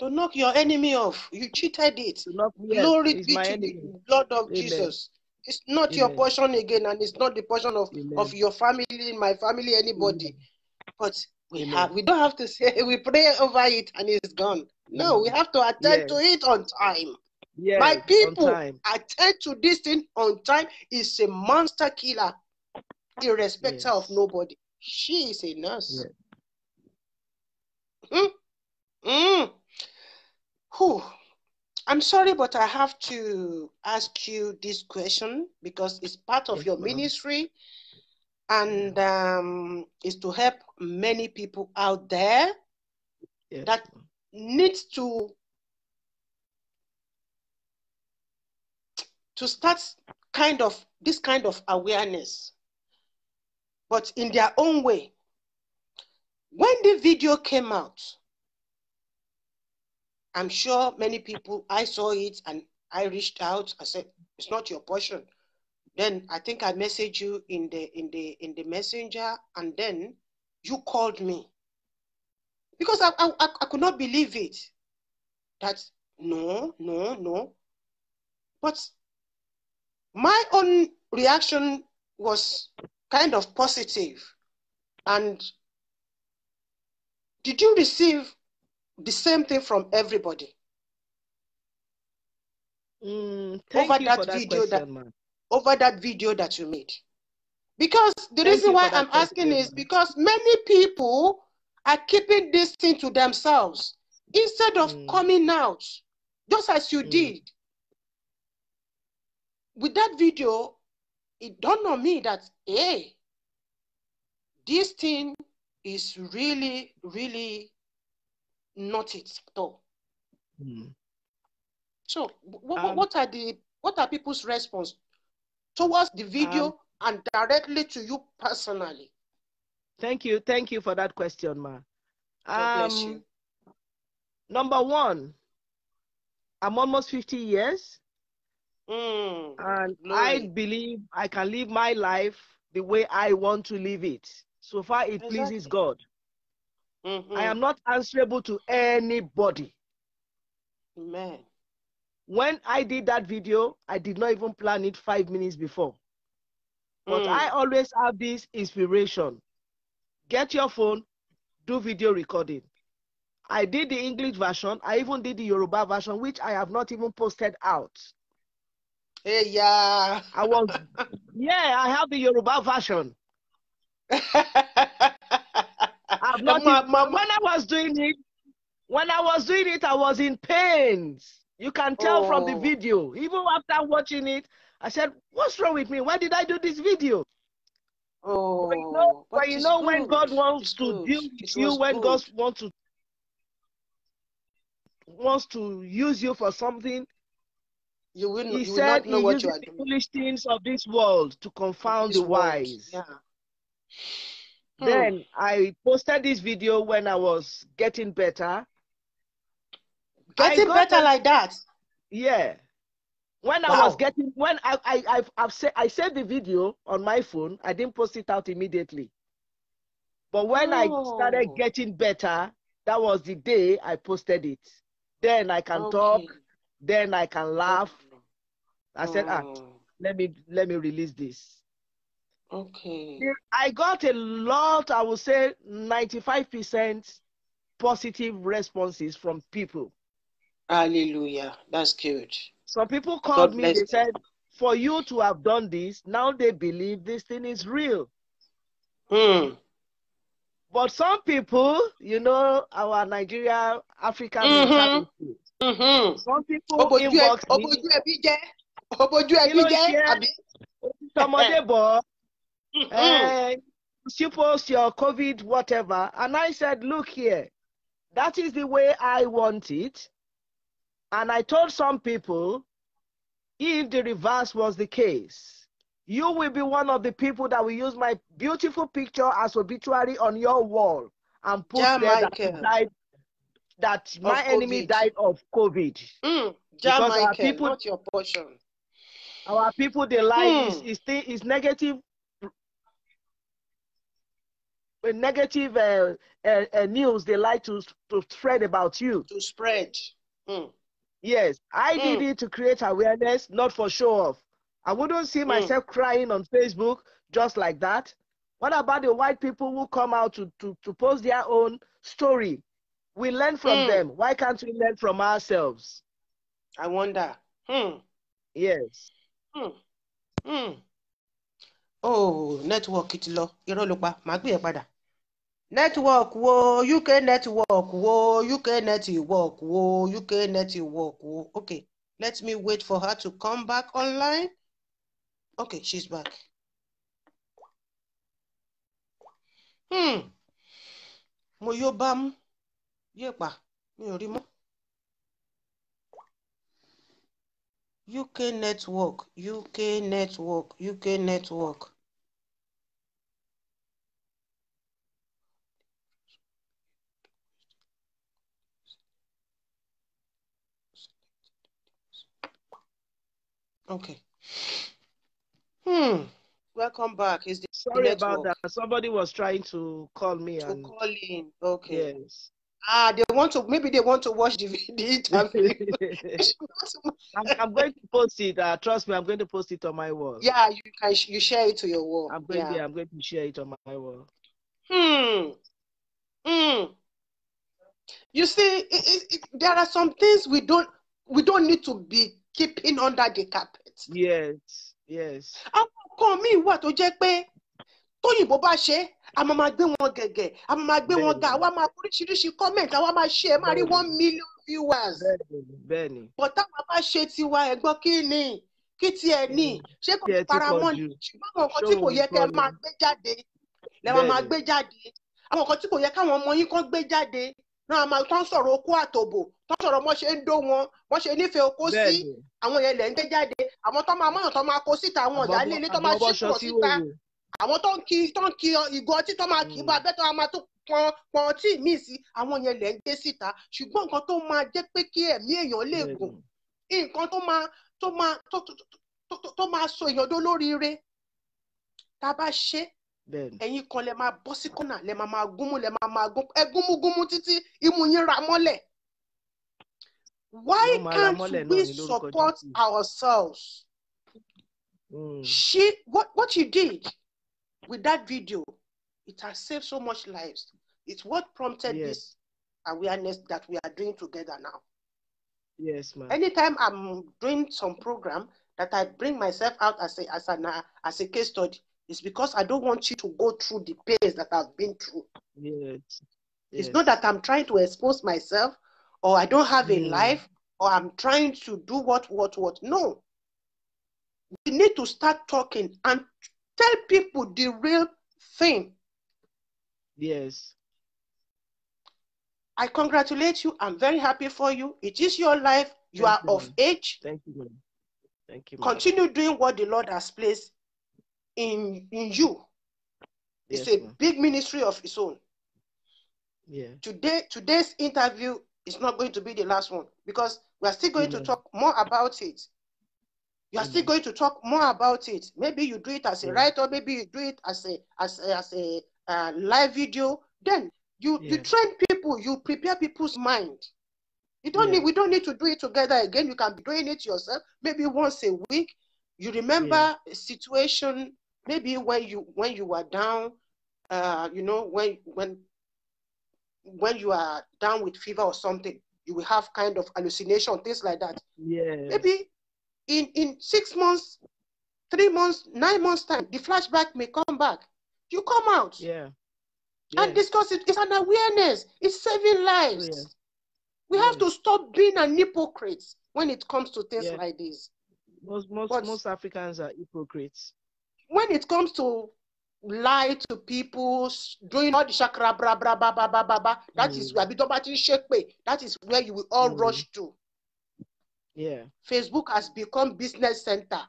To knock your enemy off. You cheated it. To knock me Glory be to enemy. the blood of Amen. Jesus. It's not Amen. your portion again, and it's not the portion of, of your family, my family, anybody. But we have we don't have to say [laughs] we pray over it and it's gone. No, we mm-hmm. have to attend yes. to it on time. Yes, My people, attend to this thing on time is a monster killer, irrespective yes. of nobody. She is a nurse. Yes. Mm. Mm. Whew. I'm sorry, but I have to ask you this question because it's part of your ministry and um, is to help many people out there yeah. that needs to to start kind of this kind of awareness, but in their own way. When the video came out, I'm sure many people I saw it and I reached out. I said, "It's not your portion." Then I think I messaged you in the in the in the messenger, and then you called me because I I, I could not believe it. That no no no, but my own reaction was kind of positive, and did you receive the same thing from everybody? Mm, over that, that, video question, that man over that video that you made. Because the Thank reason why I'm asking is because many people are keeping this thing to themselves instead of mm. coming out, just as you mm. did. With that video, it dawned on me that, hey, this thing is really, really not it at all. Mm. So, what, um, what are the what are people's response towards the video um, and directly to you personally? Thank you. Thank you for that question, Ma. God bless you. Um, number one, I'm almost 50 years. Mm, and I believe I can live my life the way I want to live it. So far, it exactly. pleases God. Mm -hmm. I am not answerable to anybody. Amen when I did that video, I did not even plan it five minutes before. But mm. I always have this inspiration. Get your phone, do video recording. I did the English version. I even did the Yoruba version, which I have not even posted out. Hey, yeah. I was, yeah, I have the Yoruba version. I've not, when I was doing it, when I was doing it, I was in pains. You can tell oh. from the oh. video. Even after watching it, I said, What's wrong with me? Why did I do this video? Oh, but you know, but you know when God wants it's to good. deal with it you, when good. God wants to wants to use you for something, you will. He you said will know he what you are doing. foolish things of this world to confound the wise. Yeah. Hmm. Then I posted this video when I was getting better. Getting better like that. Yeah. When wow. I was getting, when I, I, I've, I've said, I saved the video on my phone. I didn't post it out immediately. But when oh. I started oh. getting better, that was the day I posted it. Then I can okay. talk. Then I can laugh. I said, ah, oh. let me let me release this. Okay. I got a lot, I would say 95% positive responses from people. Hallelujah. That's good. Some people called God me, they said, for you to have done this, now they believe this thing is real. Hmm. But some people, you know, our Nigeria, African mm-hmm. Mm-hmm. Some people oh, inbox me. Obojú ẹbí jẹ́ àbí. Mm-hmm. Eh, she posts your COVID whatever. And I said, look here, that is the way I want it. And I told some people, if the reverse was the case, you will be one of the people that will use my beautiful picture as obituary on your wall and put yeah, there that, died, that my COVID. enemy died of COVID. Mm, yeah, Michael, our people, not your portion. Our people, they life mm. is, negative negative uh, uh, uh, news they like to, to spread about you. To spread. Mm. Yes, I mm. did it to create awareness, not for show off. I wouldn't see hmm. myself mm. crying on Facebook just like that. What about the white people who come out to, to, to post their own story? We learn from mm. them. Why can't we learn from ourselves? I wonder. Hmm. Yes. Hmm. Hmm. Oh, network it You Irọ́ ló look Màá gbé ẹ̀ padà. network wo uk network wo uk network wo uk network wo okay let me wait for her to come back online okay she's back. Hmm. mo yo bá mú yéèpà mi ò rí UK network UK network UK network. Okay. Hmm. Welcome back. Is the sorry network. about that? Somebody was trying to call me. To and... call in. Okay. Yes. Ah, they want to. Maybe they want to watch the, [laughs] video. [laughs] I'm, I'm, going to post it. Uh, trust me, I'm going to post it on my wall. Yeah, you can. You share it to your wall. I'm going. Yeah, I'm going to share it on my wall. Hmm. Hmm. You see, it, it, it, there are some things we don't we don't need to be keeping under the carpet. yes yes. àwọn nǹkan míì wà tó jẹ́ pé tóyìnbó bá ṣe a máa ma gbé wọn gẹ̀gẹ̀ a máa ma gbé wọn ga àwa máa oríṣiríṣi comment àwa máa ṣe ẹ máa rí one million viewers. bẹ́ẹ̀ni. bọ̀tá wa bá ṣe tiwa ẹ̀gbọ́n kí ni kí tiẹ̀ ní ṣé kò faramọ́ ni ṣùgbọ́n àwọn nǹkan tí kò yẹ kẹ́ ẹ máa gbé jáde lẹ́ máa máa gbé jáde àwọn nǹkan tí kò yẹ káwọn ọmọ yín kan gbé jáde náà máa tán sọ̀rọ̀ okó àtòbò tó sọ̀rọ̀ mọ́ ṣe ń dó wọn mọ́ ṣe nífẹ̀ẹ́ okó sí àwọn yẹn lẹ́ ń gbé jáde àwọn tó máa mọ̀yàn tó máa kó síta àwọn ọ̀dà ilé ilé tó máa ṣí pọ̀ síta àwọn tó ń ki tó ń ki ìgò ọtí tó máa kì í mm. bá abẹ́tọ̀ máa tó pọn pọn ọtí míì sí àwọn yẹn lẹ́ ń gbé síta ṣùgbọ́n nǹkan tó máa jẹ́ pé kí ẹ̀mí èèyàn lè gùn nǹkan tó máa tó máa tó máa so èèyàn dó lóríire tá a bá ṣe ẹ̀yin kan lẹ máa bọ́ sí kọ́nà lẹ máa máa gúnmú lẹ máa máa gún ẹ gúnmúgúnmú títí imú yín ra mọ́lẹ̀ Why can't we support ourselves? Mm. She what what you did with that video, it has saved so much lives. It's what prompted yes. this awareness that we are doing together now. Yes, ma'am. Anytime I'm doing some program that I bring myself out as a as an as a case study, it's because I don't want you to go through the pains that I've been through. Yes. yes. It's not that I'm trying to expose myself or I don't have a hmm. life, or I'm trying to do what, what, what. No. We need to start talking and tell people the real thing. Yes. I congratulate you. I'm very happy for you. It is your life. You Thank are you, of age. Thank you. Man. Thank you. Man. Continue doing what the Lord has placed in, in you. Yes, it's a man. big ministry of its own. Yeah. Today, today's interview it's not going to be the last one because we are still going mm-hmm. to talk more about it. You are still going to talk more about it. Maybe you do it as a writer, maybe you do it as a as a, as a uh, live video. Then you yeah. you train people, you prepare people's mind. You don't yeah. need we don't need to do it together again. You can be doing it yourself. Maybe once a week. You remember yeah. a situation maybe when you when you were down, uh, you know when when when you are down with fever or something, you will have kind of hallucination, things like that. Yeah. Maybe in, in six months, three months, nine months time, the flashback may come back. You come out. Yeah. yeah. And discuss it. It's an awareness. It's saving lives. Yeah. We yeah. have to stop being an hypocrite when it comes to things like this. Most most but most Africans are hypocrites. When it comes to lie to people, doing all the chakra, bra, bra, bra, bra, bra, bra, That mm. is where that is where you will all mm. rush to. Yeah. Facebook has become business center.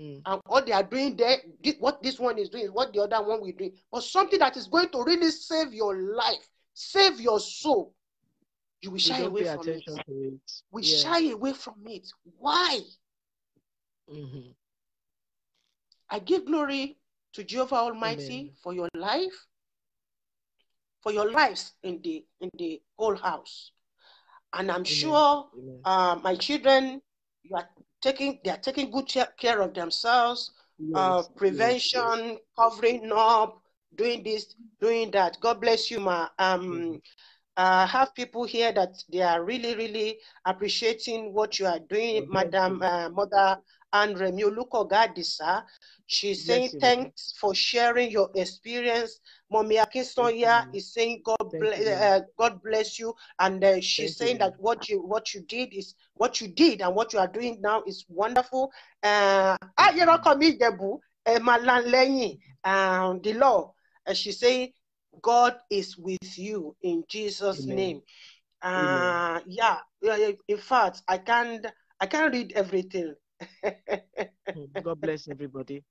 Mm. And all they are doing there, what this one is doing, what the other one will do. But something that is going to really save your life, save your soul, you will we shy away from it. it. We yeah. shy away from it. Why? Mm-hmm. I give glory to Jehovah Almighty Amen. for your life, for your lives in the in the whole house. And I'm Amen. sure uh, my children, you are taking they are taking good care of themselves. Uh, yes. Uh, prevention, yes. covering up, doing this, doing that. God bless you, ma. Um, I uh, have people here that they are really, really appreciating what you are doing, Madam uh, Mother Andre Mioluko Gadisa. She's saying thanks for sharing your experience. Mommy Akinsonya is saying God bless, uh, God bless you, and uh, she's Thank saying you. that what you what you did is what you did and what you are doing now is wonderful. Uh, ah, eh, and um, the law, and she's saying God is with you in Jesus' Amen. name. Uh, yeah, in fact, I can't I can't read everything. [laughs] God bless everybody.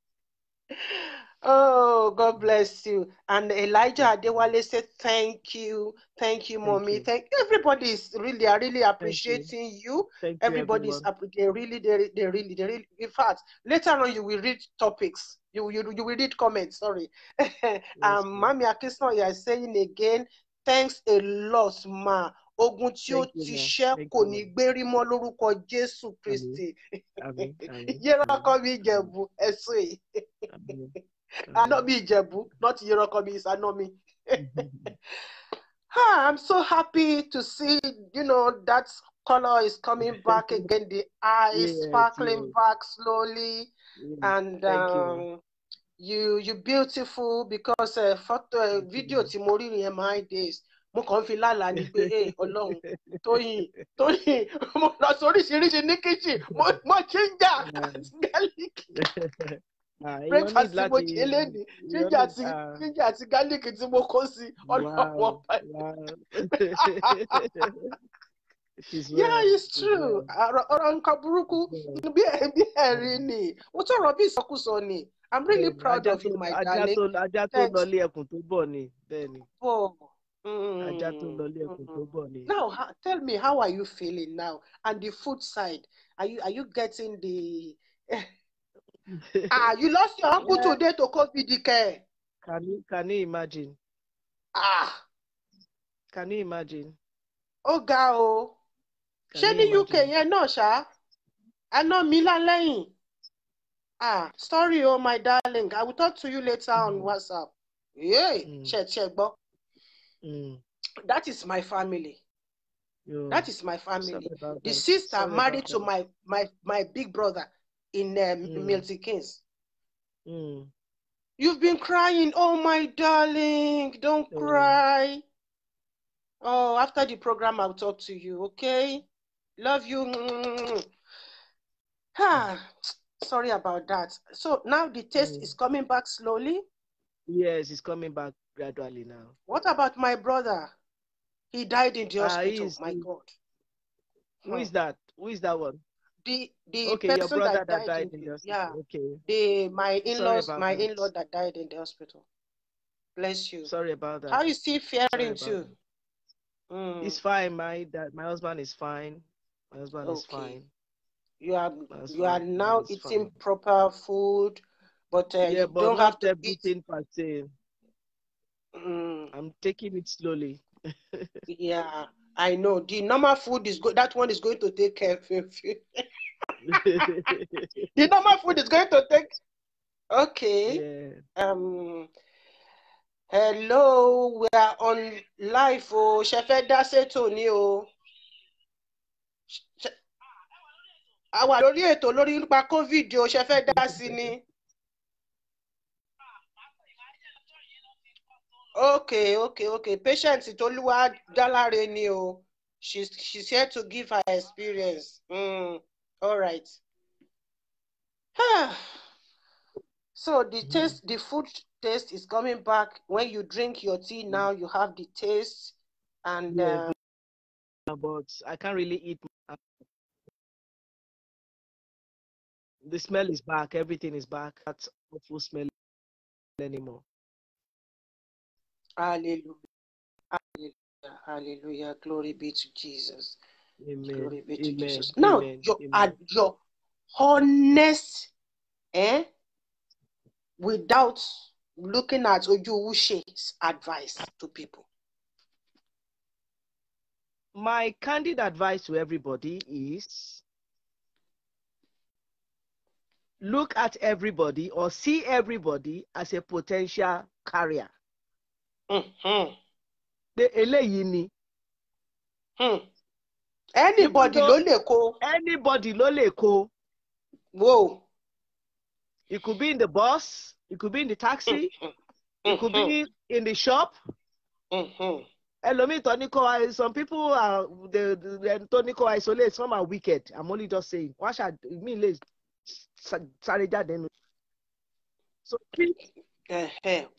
Oh, God bless you. And Elijah Adewale said, Thank you. Thank you, mommy. Thank, everybody is really, I really appreciating Thank you. you. Everybody is they really, they, they really, they really in fact, later on you will read topics. You you, you will read comments, sorry. [laughs] yes, um, mommy Mami you are saying again, thanks a lot, Ma ogun tí ó ti ṣẹ́ kò ní gbérí mọ́ lórúkọ Jésù [laughs] yẹ́rọ́kọ́ [laughs] not yẹ́rọ́kọ́ mi i [laughs] ah, I'm so happy to see, you know, that color is coming back again. The eyes yeah, sparkling back slowly, yeah, and um, you. you you beautiful because uh, photo uh, video Timori in my days mo kàn fi lálàá ni pé ẹ ọlọ́run tóyìn tóyìn [laughs] mo lọ sóríṣiríṣi ní mo gálíkì [laughs] ah, breakfast tí mo ṣe léni jíjà àti jíjà ah. gálíkì tí mo kó sí ọlọ́wọ́ [laughs] yeah it's true ọ̀rọ̀ nǹkan burúkú bí ẹ̀rí ni mo tọrọ bí ìsọkúsọ ni I'm really proud of you my darling. ajá tó lọ lé ẹkùn tó bọ̀ ni bẹ́ẹ̀ ni. Oh now tell me how are you feeling now and the food side are you are you getting the [laughs] ah you lost your uncle yeah. today to covid care. can you can you imagine. ah can you imagine. Oh, gao. o you ní uk yẹn sha. I know Milan lálẹ́yìn. ah sorry oh, my darling i will talk to you later on mm-hmm. whatsapp. check check mm. gbọ́. Mm. That is my family. That is my family. The sister Sorry married to my my my big brother in uh, mm. Milton Keynes. Mm. You've been crying, oh my darling, don't cry. Oh, after the program, I'll talk to you, okay? Love you. [sniffs] Ah, [sniffs] sorry about that. So now the taste mm. is coming back slowly. Yes, it's coming back gradually now. What about my brother? He died in the ah, hospital. my God. Who hmm. is that? Who is that one? The the okay, person your brother that died, that died in, in, the hospital. Yeah. Okay. The my in-laws, my that. in-law that died in the hospital. Bless you. Sorry about that. How is he faring too? Mm. It's fine. My that my husband is fine. My husband okay. is fine. You are you are now eating fine. proper food, but uh, yeah, you but don't have to eat in per se. Mm. I'm taking it slowly. [laughs] yeah, I know. The normal food is good. That one is going to take care of you. [laughs] the normal food is going to take. Okay. Yeah. Um. Hello, we are on live. Oh, Shefe Dase Tony. Oh. àwa lórí ètò lórí nípa covid o oh. ṣe fẹ́ dá sí ni. okay okay okay patient toluwa dalare ni o she's she's here to give her experience mm, all right [sighs] so the hmm. taste the food taste is coming back when you drink your tea hmm. now you have the taste and uh, but i can't really eat the smell is back everything is back that's awful smell anymore Hallelujah. Hallelujah. Hallelujah. Glory be to Jesus. Amen. Glory be to Amen. Jesus. Now, Amen. Your, Amen. your honest, eh, without looking at Ojuwuse's advice to people. My candid advice to everybody is look at everybody or see everybody as a potential carrier. Mm-hmm. pé eléyìí ni. Hmm. anybody ló lè kó. anybody ló lè kó. whoa. It could be in the bus. It could be in the taxi. Mm-hmm. It could be mm-hmm. in the shop. Ẹlòmíì tó ní kó some people are the tó ní kó isolate some are wicked I'm only just saying wọ́n ṣà mí lè sáré jáde nù. So treat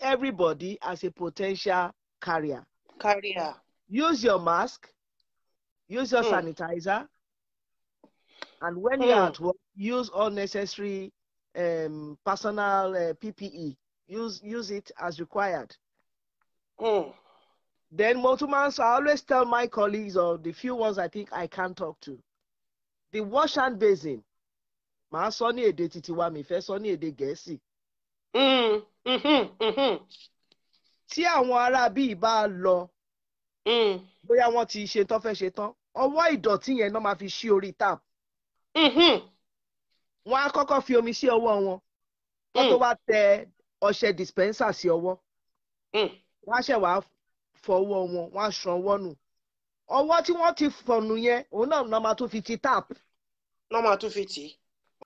everybody as a potential carrier. carrier. use your mask use your mm. sanitizer and when mm. you're hmm. at work use all necessary um, personal uh, PPE use use it as required. Mm. Then months. I always tell my colleagues or the few ones I think I can talk to. the wash hand basin màá sọ ní èdè titi wa mi fẹ́ sọ ní èdè gẹ̀ẹ́sì. Mm, mm-hmm, mm-hmm. tí àwọn ará bíi bá lọ mm. bóyá wọ́n ti ṣe tán fẹ́ ṣe tán ọwọ́ ìdọ̀tí yẹn náà máa fi ṣí orí tap. Mm-hmm. wọ́n á kọ́kọ́ fi omi sí ọwọ́ wọn wọ́n mm. tó wá tẹ ọṣẹ dispenser sí ọwọ́ wọ́n á ṣẹ̀ wá fọwọ́ wọn wọ́n á ṣan ọwọ́ nù ọwọ́ tí wọ́n ti fọ̀nù yẹn òun náà lọ́ máa tún fi ti tap. lọ́ máa tún fi tì í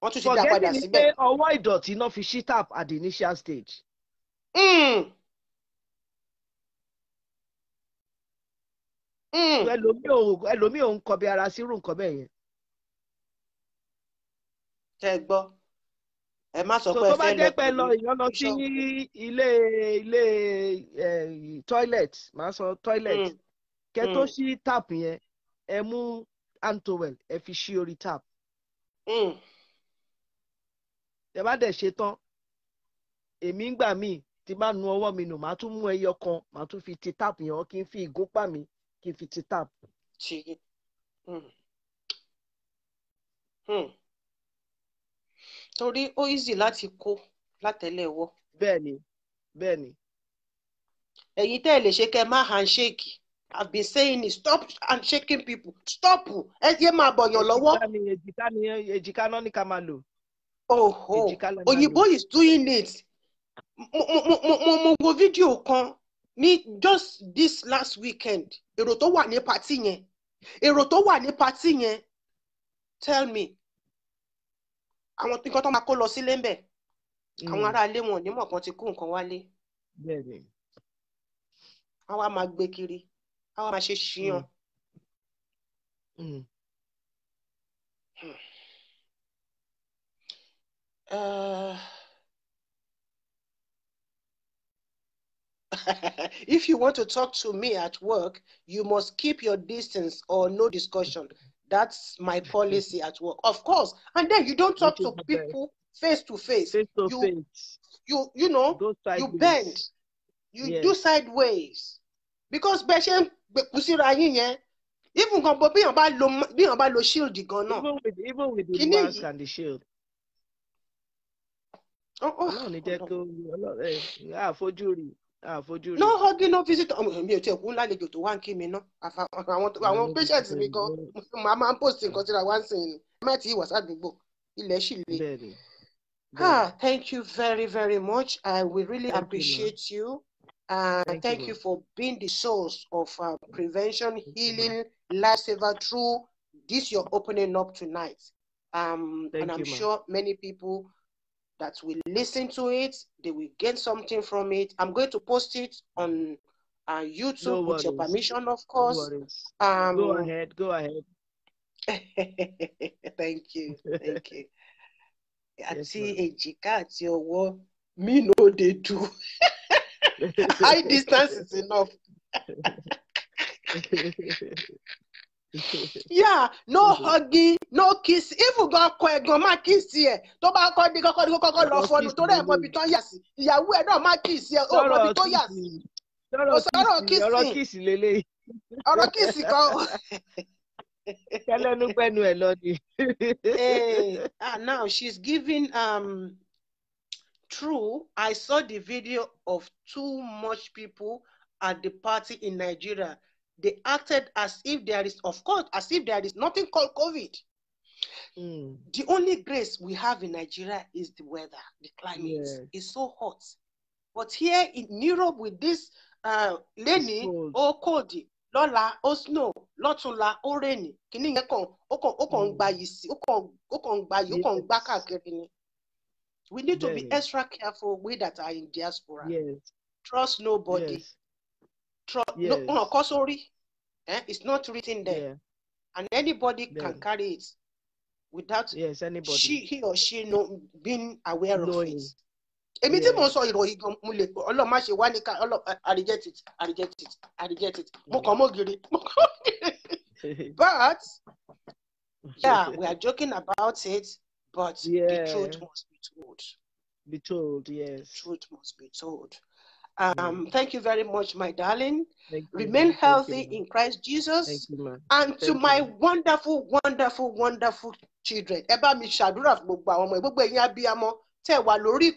wọ́n tún ti dá padà síbẹ̀. forget ni pé ọwọ́ ìdọ̀tí náà fi ṣí tap at the initial stage. Hmm. Hmm. ẹlòmíì òun kọbi ara sírù nǹkan bẹ́ẹ̀ yẹn. tẹ gbọ́ ẹ má sọ pé ẹ fẹ́ lọ. tó bá jẹ́ pé lọ ìyọ́n lọ sí ilé ilé eh, toilet máa sọ toilet. Hmm kẹ tó mm. ṣí tap yẹn ẹ mú hand towel ẹ fi ṣí orí tap. Mm. tẹ bá dẹ̀ ṣe tán èmi ń gbà míì tí bá nu ọwọ́ mi nù màá tún mú ẹyọ kan màá tún fi ti tap yẹn kí n fi ìgúnpá mi kí n fi ti tap. Mm. torí ó easy láti kó látẹ́lẹwọ́. bẹ́ẹ̀ni bẹ́ẹ̀ni. ẹ̀yin tẹ́ ẹ lè ṣe kẹ́ ẹ má handshake I've been saying is Stop and shaking people. Stop. Ẹ jẹ́ máa bọ̀yàn lọ́wọ́. Èjìká ni èjìká náà ní ká máa lò. Oho, òyìnbó is doing it. Mo mo wo fídíò kan ní just this last weekend. Èrò tó wà ní patí yẹn. Èrò tó wà ní patí yẹn. Tell me. Àwọn nǹkan tó máa kó lọ sílé ń bẹ̀. Àwọn mm. aráalé wọn ò ní mọ̀ kan ti kó nǹkan wálé. Bẹ́ẹ̀ni. Àwọn á máa gbé kiri. Hmm. Hmm. Uh, [laughs] if you want to talk to me at work, you must keep your distance or no discussion. That's my [laughs] policy at work. Of course. And then you don't talk to people face to face. Face to you, face. You you know, you bend. You yes. do sideways. Because kú síra yín yẹn even gan bo bíyàn bá lo bíyàn bá lo shield gan náà. even with even with the Kini... mask and the shield. Oh, oh. Ọlọ́run ní àfojú eh, rí àfojú rí. no hugging no visit oh, mi ò tiẹ̀ kú lálejò tó wá ń kí mi ná àwọn patients mi gan màá máa ń post nǹkan síra wá ń sìn ní mẹ́tì ìwà sádùúgbò ilẹ̀ sì le. ah thank you very very much i will really appreciate you. you. Uh, thank, thank you. you. for being the source of uh, prevention, healing, lifesaver through this you're opening up tonight. Um, and I'm you, sure many people that will listen to it, they will gain something from it. I'm going to post it on uh, YouTube no with your permission, of course. No um, go ahead, go ahead. [laughs] thank you, thank you. [laughs] yes, àti èjìká àti ọwọ́ mi no dey do. [laughs] High distance is enough. yeah, no hugging, no kiss. Even gan kọ ẹ̀gàn máa kiss here. Don't call, tó bá call, di call, di kọ́kọ́ lọ fọnù torí ẹ̀ mọ̀bi tán yà sí. Ìyàwó ẹ̀ náà máa kiss ẹ̀ ó mọ̀bi tó yà sí. Sọ̀rọ̀ kìsì ọ̀rọ̀ kìsì lélẹ́yìí. Ọ̀rọ̀ kìsì kan. Tẹ́lẹ̀nú pẹ́nu ẹ̀ lọ ni. Eh, ah, now she's giving um, True, I saw the video of too much people at the party in Nigeria. They acted as if there is, of course, as if there is nothing called COVID. Mm. The only grace we have in Nigeria is the weather, the climate. Yes. It's so hot. But here in Europe, with this uh, Lenny, cold. Oh, Cody, Lola, or oh, snow, Lotula, or oh, rainy, Kininga, oh, oh, oh, oh, oh, oh, oh, oh, oh, we need to yes. be extra careful. We that are in diaspora. Yes. Trust nobody. Yes. Trust yes. no, no cursory. Eh? It's not written there. Yeah. And anybody yeah. can carry it without yes, anybody. She he or she know being aware no, of it. èmi tí mò ń sọ ìròyìn gan mo lè pé ọlọ́run má ṣe wá ní ká ọlọ́run i reject it i reject it i reject it mo kàn mọ́ gírí mo mọ́ gírí [laughs] but yeah [laughs] we are joking about it but yeah. the truth must be told. Be told, yes. The truth must be told. Um, mm. Thank you very much, my darling. Thank Remain you, healthy in Christ Jesus. You, and thank to my wonderful, wonderful, wonderful children. mi gbogbo àwọn ọmọ Gbogbo ẹ̀yin tẹ́ wà lórí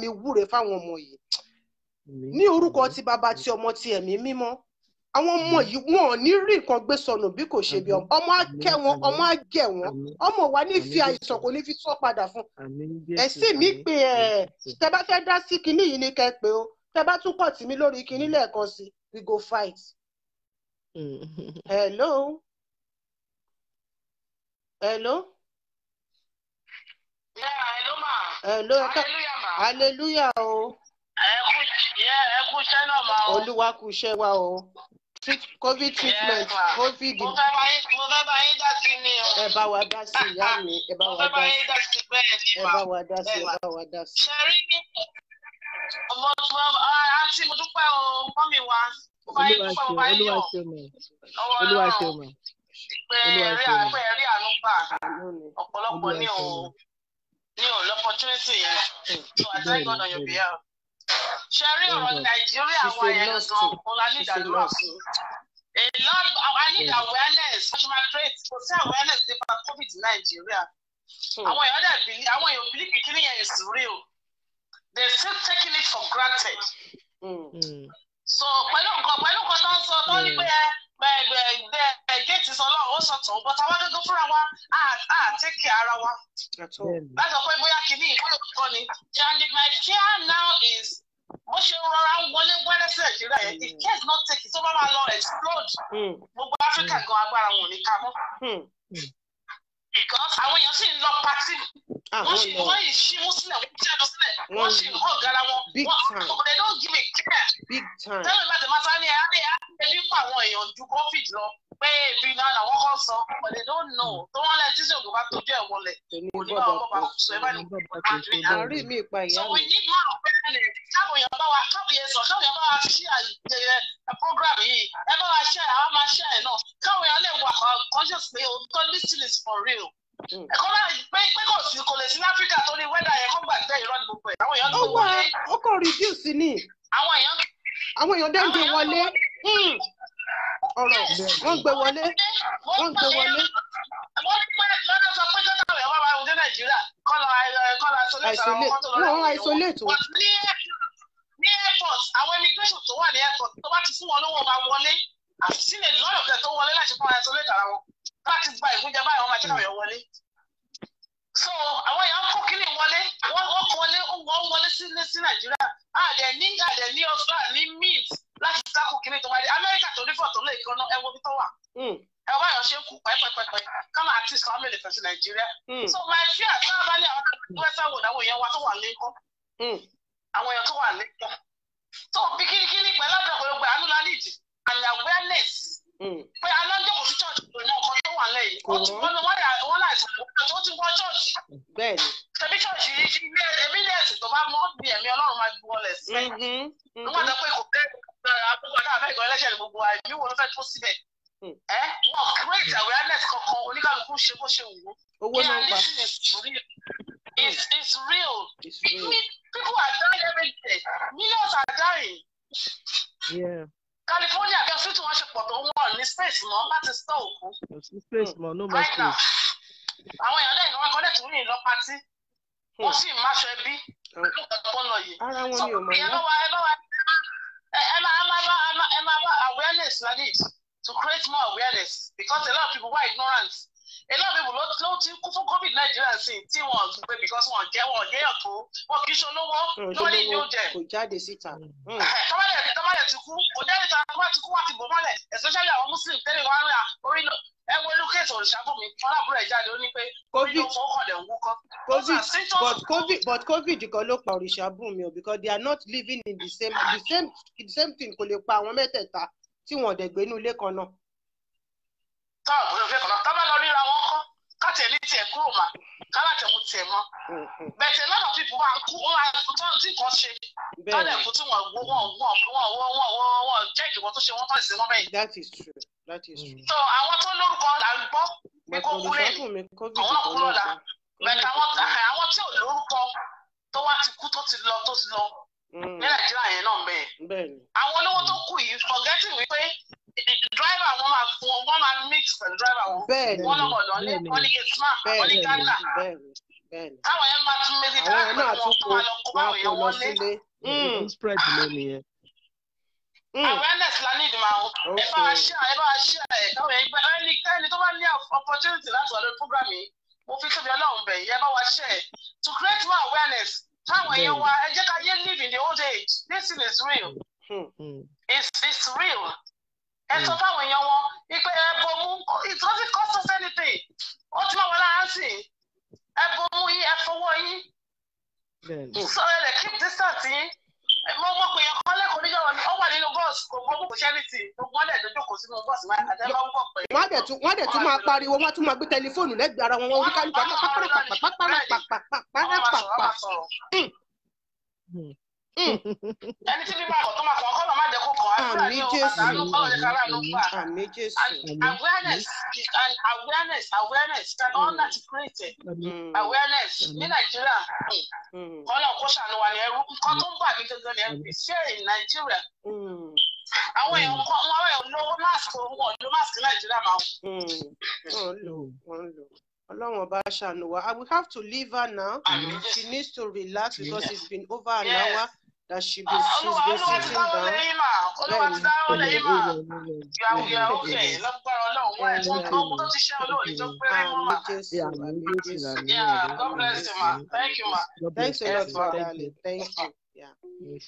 mi wúre ọmọ Ní orúkọ ti bàbá ti ọmọ ti ẹ̀mí mímọ́. àwọn ọmọ yìí wọn ò ní rí nǹkan gbé sọnù bí kò ṣe bí ọmọ ọmọ wọn ọmọ á wọn ọmọ wa ní fi àìsàn kò ní fi tọ́ padà fún ẹ̀sìn mi pé ẹ tẹ bá fẹ́ dá sí kinní yìí ní kẹ́ pé o tẹ bá tún kọ̀ tì lórí kinní lẹ́ẹ̀kan sí we go fight. Mm. [laughs] hello hello. Yeah, hello ma. hello hallelujah ma. hallelujah o. Oh ẹ kú iṣẹ́ náà máa o. olúwa kú iṣẹ́ wa o covid treatment covid. mo fẹ́ bá yín mo fẹ́ bá yín dá sí ni o. ẹ bá wa dá sí [laughs] ìyá mi ẹ bá wa dá sí ẹ bá wa dá sí ẹ bá wa dá sí. ṣẹ́rí ọmọ tuntun àti mo dúpẹ́ o mọ́mì wa mo bá yín dúpẹ́ mo bá yín yọ̀ ọwọ́ ọlọ́run pé ẹ̀rí àpẹ ẹ̀rí àánú gbà ọ̀pọ̀lọpọ̀ ní o ní o lọ́pọ̀ tírẹ́sì yẹn tó àtẹ́gọ́dọ̀ yóò bí yà ṣe rí ọ̀rọ̀ mm-hmm. nàìjíríà wa yẹn gan òun la a lot I need mm. awareness wọ́n ṣe to create awareness nípa covid nàìjíríà hmm. àwọn èèyàn dàbí àwọn èèyàn bíi kíkiri yẹn is real they still taking it for granted. Mm. so pẹ̀lú nǹkan pẹ̀lú nǹkan tó ń sọ tó ní hmm. pé ẹ géètì sọ lọ́wọ́ ó sọ tán bọ́ táwa gángan fúnra wa á tẹ́kẹ̀ ara wa. láti ọ̀pọ̀ ìbóyá kìíní ìwé òkúkọ ni and if my chair now is mo ṣe rọra ń wọlé wẹ́lẹ́ sí nàìjíríà yẹn if hmm. case not take it tó bá máa lọ explode hmm. gbogbo áfíríkà gan agbára wọn ò ní ká mọ́. Hmm because àwọn èèyàn sì ń lọ pati ah, wọ́n sì wọ́n yìí ṣí mú sílẹ̀ wọ́n ṣe lọ sílẹ̀ wọ́n sì ń hàn gara wọn wọ́n they don't give me care tell me about the matter ni ẹ̀ ẹ̀ ẹ̀ àwọn èèyàn ju covid lọ pé ebi náà làwọn kan sọ but they don't know tó wọ́n lẹ tí sọ̀gbọ́n bá tójú ẹ̀ wọlé onígbà bá sọ ẹ bá ní kó bá ju ìyá so we need more awareness káwọn èèyàn bá wa káwọn èèyàn bá wa ṣí program yìí ẹ bá wa ṣe àwọn máa ṣe ẹ náà káwọn èèyàn lè wà uh, conscious pé òótọ́ lis ten is for real ẹ̀kọ́ mm. náà pé pé kò sí kò lè sí ní áfíríkà tó ní wẹ́dà yẹn kó gbà jẹ́ irọ́ ní gbogbo ẹ̀. àwọn èèyàn tó wọlé. ó kò reduce ni. àwọn èèyàn. àwọn èèyàn dẹ́n gbé wọlé. Mm. ọ̀rọ̀ wọ́n gbé wọlé. wọ́n gbé wọlé. wọ́n pẹ́ lọ́dọ̀ sọ pé tó tàwọn ẹ̀wọ́n máa ń dé nàìjíríà kọ́lọ̀ kọ́lọ̀ isolate àwọn kọ́tò lọ́dọ̀ ní airport àwọn immigration tó wà ní airport tó bá ti fún wọn lówó máa wọlé àti sílẹ̀ lọ́dọ̀ kẹ́ tó wọlé láti fún wọn isolate ara wọn bá ti gba ìgbéjà báyìí wọ́n máa jẹ́ káwọn èèyàn wọlé so àwọn èèyàn kó kílì wọlé wọ́n kó wọlé wọ́n wọlé sí sí nàìjíríà àdẹ ní àdẹ ní ọsọ ní mint láti sáko kíní tó wáyé amẹ́ríkà tó ní fọ̀tò lè gan ẹ wo bí tó wà hmm. ẹ wá yàn ṣe ń kú pẹ́pẹ́pẹ́pẹ́ kámá àti ìsàn àmì ìlẹ̀fẹ̀ sí nàìjíríà hmm. so my fear sábà ní àwọn wẹ́sà wò láwọn èèyàn wa tó wà lẹ́kọ́ hmm. àwọn èèyàn tó wà lẹ́kọ́ so bí kíníkíní pẹ̀lú àbẹ̀wò gbà ánú lálẹ́ ìdí and awareness pé alájọ kò sí church ní ọkọ yóò wà lẹ́yìn wọn wọn láì sàmúlò tó ti wọ church. bẹ́ẹ̀ni. tẹbi church yìí ti gbé ẹbí lẹ́sìn tó bá mọ́ bí ẹ̀mí Ọlọ́run máa ju ọlẹ̀ sí. níwọ̀n mm-hmm. mm-hmm. tó pé kò bẹ́ẹ̀ àbúkọ náà fẹ́ ìgbọ́ ẹlẹ́ṣẹ̀ gbogbo àìmí wo ló fẹ́ tó síbẹ̀. Mm. ẹ wọn create awareness kankan oníkàlùkù ṣe bó ṣe wù ú. owó náà ń pa. It's, It's real. People are dying every day. Millions are dying. Yeah. California bí ọsítù wọn ṣe pọ̀ tó wọn ní space mọ́ láti sọ òkú. kò sí space mọ́ no more space. àwọn èèyàn lẹ́yìn wọn kọ́lẹ̀ tó yìn lọ patí hmm. wọ́n sì má aṣọ ẹbí lọ́kọ̀ọ́kọ́ hmm. lọ yìí. ara wọn ni ò mọ̀ náà. ẹ máa máa bá ẹ máa awareness like this to create more awareness because a lot of people were ignorant a lot of ló ti kú fún covid nineteen sí tí wọn gbé because wọn jẹ wọn jẹ ọtún wọn kì í ṣolówó lórí ìlú jẹ. kò jáde síta. Eh, hmm. tọ́mọ̀lẹ̀ tọ́mọ̀lẹ̀ ti kú kò jáde síta tọ́mọ̀lẹ̀ ti kú wọ́n ti bò mọ́lẹ̀ especially àwọn muslim tẹ́lẹ̀ wọn rìn orí náà but covid but covid kan ló pa òrìṣàbùnmi o because they are not living in the same the same the same thing kò lè pa àwọn mẹ́tẹ̀ẹ̀ta tí wọ́n dẹ̀ gbénú ilé kan náà táwọn ọ̀gbọ́n fẹ́ kọ̀ọ̀kan tábà lọ ríra wọn kọ́ káàtì ẹni tiẹ̀ kúrò mà káàtì ẹ̀mú tiẹ̀ mọ́ bẹ̀tẹ̀ lọ́nà fífi wọn kú wọn tó tí kan ṣe tọ́lẹ̀ kú tí wọ́n wọ́n wọ́n wọ́n wọ́n wọ́n wọ́n jẹ́kì wọ́n tó ṣe wọ́n tó ṣe wọ́n bẹ́ẹ̀. that is true that is true. so àwọn tó lórúkọ là ń kò kú àwọn náà kú bẹ̀tẹ̀ àwọn tí ò lórúkọ tó wá ti kú tó ti lọ tó ti lọ ní nàìjíríà yẹn náà bẹ́ẹ̀. àwọn olówó tó kù yìí forgetting wípé driver máa mix pẹ̀lú driver wọn wọn lọ́mọ lọ́lé wọn ní gate man wọn ní gánà táwọn yẹn máa tún méjì dára pẹ̀lú wọn tó máa lọ kó báwọn yẹn wọlé. spread ló nìyẹn. Mm. Mm. awareness la ní ma. àwọn ẹ bá wa ṣe ẹ bá wa ṣe ẹ káwọn yẹn gbẹ ẹni ẹni tó bá ní opportunity láti wà lórí program yìí mo fi tóbi ọlọ́run bẹ̀ yẹ bá wa ṣe ẹ to create more awareness táwọn yẹn wá ẹ jẹ́ ká yé live in the old age this thing is real. Hmm. Hmm. It's, it's real ẹ fáwọn èèyàn wọn wípé ẹ bomú it doesn't cost us anything ó ti máa wọ láàánsì ẹ bomú yín ẹ fọwọ́ yín ẹ lè keep distance yín mo mọ pé èèyàn kan lẹ́kọ̀ọ́ níjọ́ wọn ó wà nínú bọ́ọ̀sì kò gbọ́ kò ṣẹ́rìtì gbogbo wọn lẹ̀ sínú bọ́ọ̀sì máa kàdé bá ń bọ̀ pé. dẹ̀ tún wọ́n dẹ̀ tún máa pariwo wọ́n tún máa gbé tẹlifóònù lẹ́gbẹ̀ẹ́ ara wọn wọn wí kálukú Hmm. ẹni tí bíbá àkọ́tún máa sọ ọkọ́ náà má jẹ́ kó kàn án àmì jésù àmì jésù awareness and awareness awareness and all that created awareness ní nàìjíríà hmm. kọ́nà kó ṣàánú wa ní ẹrú nǹkan tó ń bà mí gangan ní ẹrú ṣé in nàìjíríà hmm. àwọn èèyàn kọ́ àwọn èèyàn lówó máàsì owó ọ̀dọ́ máàsì nàìjíríà máa wọ̀. Ọlọ́run ọba ṣàánú wa. I will have to leave her now. She needs to relax because it's been over an hour. that she be she's Yeah, God bless you Thank you you.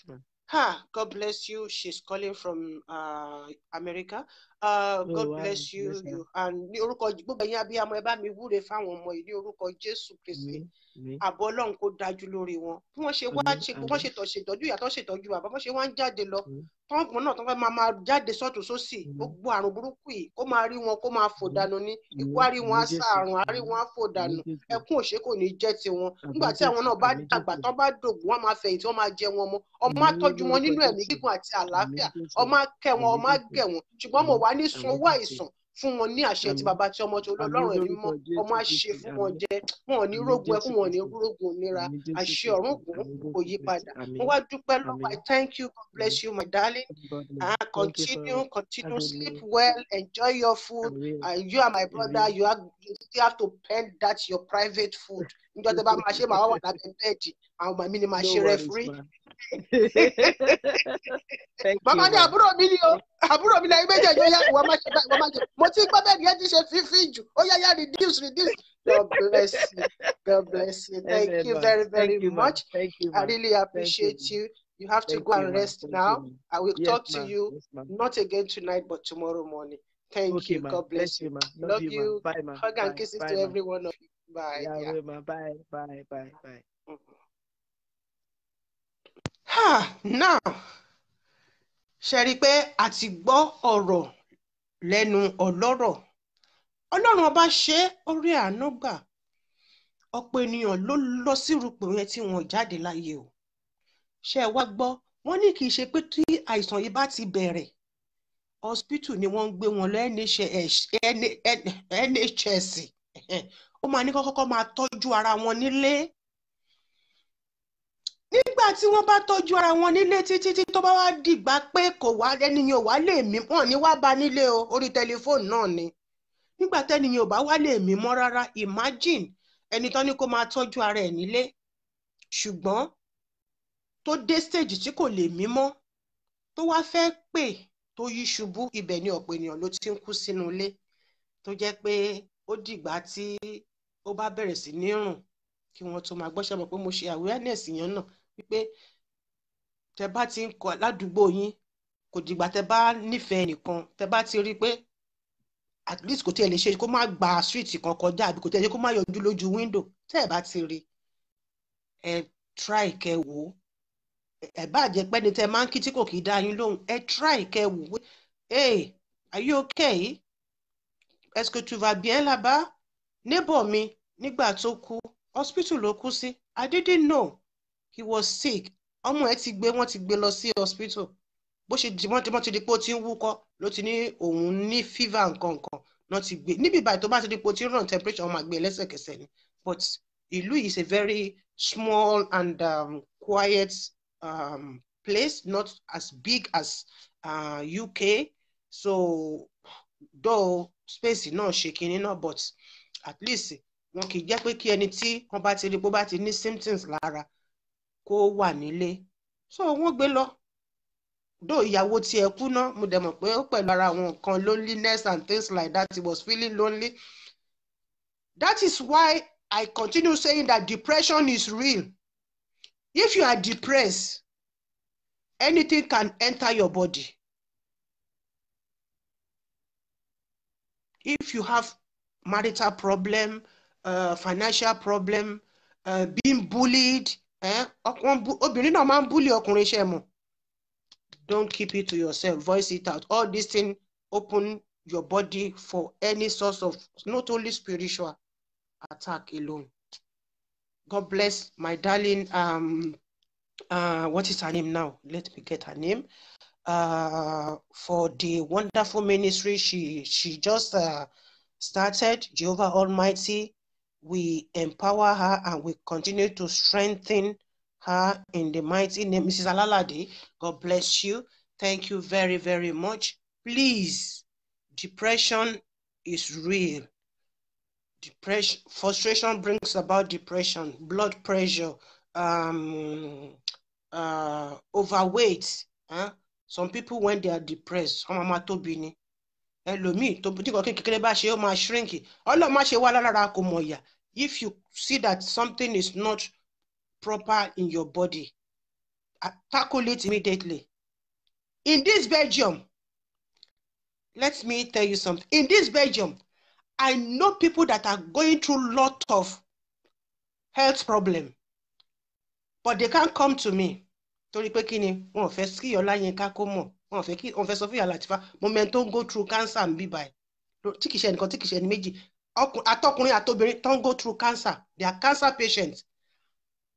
God bless you. She's calling from uh, America. Uh, oh, God oh, wow. bless you. Yes, you. And ní Mm -hmm. àbọ̀ ọlọ́run kó dájú lórí wọn bí wọ́n ṣe wá ṣe wọ́n ṣètò ṣètọ́jú ìyàtọ̀ ṣètọ́jú bàbá wọ́n ṣe wá ń jáde lọ tọ́ǹpù náà tọ́ǹpù máa máa jáde sọ́tún sósì gbogbo àrùn burúkú yìí kó máa rí wọn kó máa fò dànù ní ikú á rí wọn á sá àrùn á rí wọn á fò dànù ẹkún òṣè kò ní jẹ́ tiwọn nígbà tí àwọn náà bá dàgbà tán bá dògùn wọn máa fẹ̀yìntì wọn máa jẹ wọn mọ́ ọmọ á tọ́jú wọn nínú ẹ̀mí gígùn àti àlàáfíà ọmọ á kẹ́ wọn ọmọ á gẹ̀ wọn ṣùgbọ́n mo wà ní sun owó àìsàn fún wọn ní àṣẹ tí bàbá tí ọmọ tí olólọ́rùn ẹ̀mí mọ́ ọmọ àṣẹ fún wọn jẹ́ wọn ò ní rógun ẹkún wọn ò ní rógun òmìnira kò yí padà mo fun won je won ni rogun won ni rogun ase ko yi pada mo wa dupe lowo I thank you God bless ah, you my darling ah continue continue sleep well enjoy your food and you are my brother you, have, you still have to pay that your private food njọ́ tẹ́ bá máa ṣe màá wà lábẹ́ bẹ́ẹ̀dì àwọn my mini màá ṣe rẹ́fúrí Thank you. Mama mi ni o àbúrò mi ni ayé méjèèjì ó yá wọ́n má ṣe báyìí wọ́n má ṣe mo ti gbọ́ bẹ́ẹ̀ ni ẹ reduce reduce God bless you God bless you thank you very very you, much you, I really appreciate you. you. have to thank go and rest thank now. I will yes, talk to you yes, not again tonight, but tomorrow morning. Thank okay, you. Man. God bless, you. Man. Love, Love you. you. Bye, man. Hug bye. and kisses bye, to everyone of you. Bye. Yeah, yeah. Way, bye. Bye. Bye. Bye. Mm -hmm. um now ṣe rí i pé a ti gbọ́ ọ̀rọ̀ lẹ́nu ọlọ́rọ̀ ọlọ́run ọba ṣe orí àánú gbà ọ̀pọ̀ ènìyàn ló lọ sírúpò yẹn tí wọ́n jáde láyé o ṣe wá gbọ́ wọ́n ní kì í ṣe pé tí àìsàn yìí bá ti bẹ̀rẹ̀ hospital ni wọ́n ń gbé wọn lọ NHS ó máa ní kọ́kọ́ máa tọ́jú ara wọn nílé nígbà tí wọ́n bá tọ́jú ara wọn nílé títí tí tó bá wá dìgbà pé kò wá ẹnìyàn ò wá lè mí mọ́ ní wá bá nílé o orí tẹlifóònù náà ni nígbà tẹnìyàn ò bá wá lè mí mọ́ rárá imagine ẹni tó ní kó máa tọ́jú ara ẹ̀ nílé ṣùgbọ́n tó dé stage tí kò lè mí mọ́ tó wá fẹ́ pè tó yí ṣubú ibẹ̀ ni ọ̀pọ̀ ènìyàn ló ti ń kú sínú ilé tó jẹ́ pé ó dìgbà tí ó bá bẹ̀rẹ̀ sí ní rùn kí wọ́n tó máa gbọ́ mọ̀ pé mo ṣe awareness yẹn náà wípé tẹ bá ti ń kọ ládùúgbò yín kò dìgbà tẹ bá nífẹ̀ẹ́ nìkan tẹ bá ti rí i pé at least kò tiẹ̀ lè ṣe kó má gba street kan kọjá àbí kò tiẹ̀ ṣe kó má yọjú lójú window tẹ́ ẹ bá ti rí ẹ try kẹ wò ó ẹ bá jẹ́ pẹ́ni tẹ máa ń kí tí kò kì í dá yín lóhùn ẹ try kẹ wò ó hey are you okay est-ce que tu vas bien là-bas neighbor mi nígbà tó kú hospital ló kú sí I didn't know he was sick ọmọ ẹ ti gbé wọ́n ti gbé lọ sí hospital bó ṣe di wọ́n ti di pé ó ti ń wúkọ́ ló ti ní òun ní fever nǹkan nǹkan náà ti gbé níbi ìbàdàn tó bá ti di pé run temperature ń ràn temperature ọmọ àgbẹ̀ ni but ìlú is a very small and um, quiet um, place not as big as uh, UK so though space náà ṣe kinní náà but at least wọn kì í jẹ́ pé kí ẹni tí wọ́n bá ti rí pé ó bá ti ri ba ti ni symptoms lára kó wà nílé so wọ́n gbé lọ dó ìyàwó tiẹ̀ kú ná mo dẹ̀ mọ̀ pé ó pẹ̀lú ara loneliness and things like that he was feeling lonely that is why I continue saying that depression is real if you are depressed anything can enter your body if you have marital problem uh, financial problem uh, being bullied obinrin búlì iṣẹ́ mọ̀ don't keep it to yourself voice it out all this thing open your body for any source of not only spiritual attack alone god bless my darling um, uh, what is her name now let me get her name uh, for the wonderful ministry she she just uh, started jehovah almighty we empower her and we continue to strengthen her in the mighty name. Mrs. Alaladi. God bless you. Thank you very, very much. Please, depression is real. Depression, frustration brings about depression, blood pressure, um, uh, overweight. Huh? Some people, when they are depressed, some are tobini. ẹlòmíì tó tí kò kékeré bá ṣe ó má ṣe wá lára if you see that something is not proper in your body, uh, tackle it immediately. In this Belgium, let me tell you something. In this Belgium, I know people that are going through a lot of health problem, but they can't come to me. torí pé kí ni wọn ò fẹ́ kí ọláyínká kó mọ̀ wọn ò fẹ́ kí wọn fẹ́ sọ fún yàrá àtìfá mo mẹ́ni tó ń go through cancer and be by. tí kìí ṣe ẹnìkan méjì atọkùnrin àtobìnrin tó ń go through cancer they are cancer patients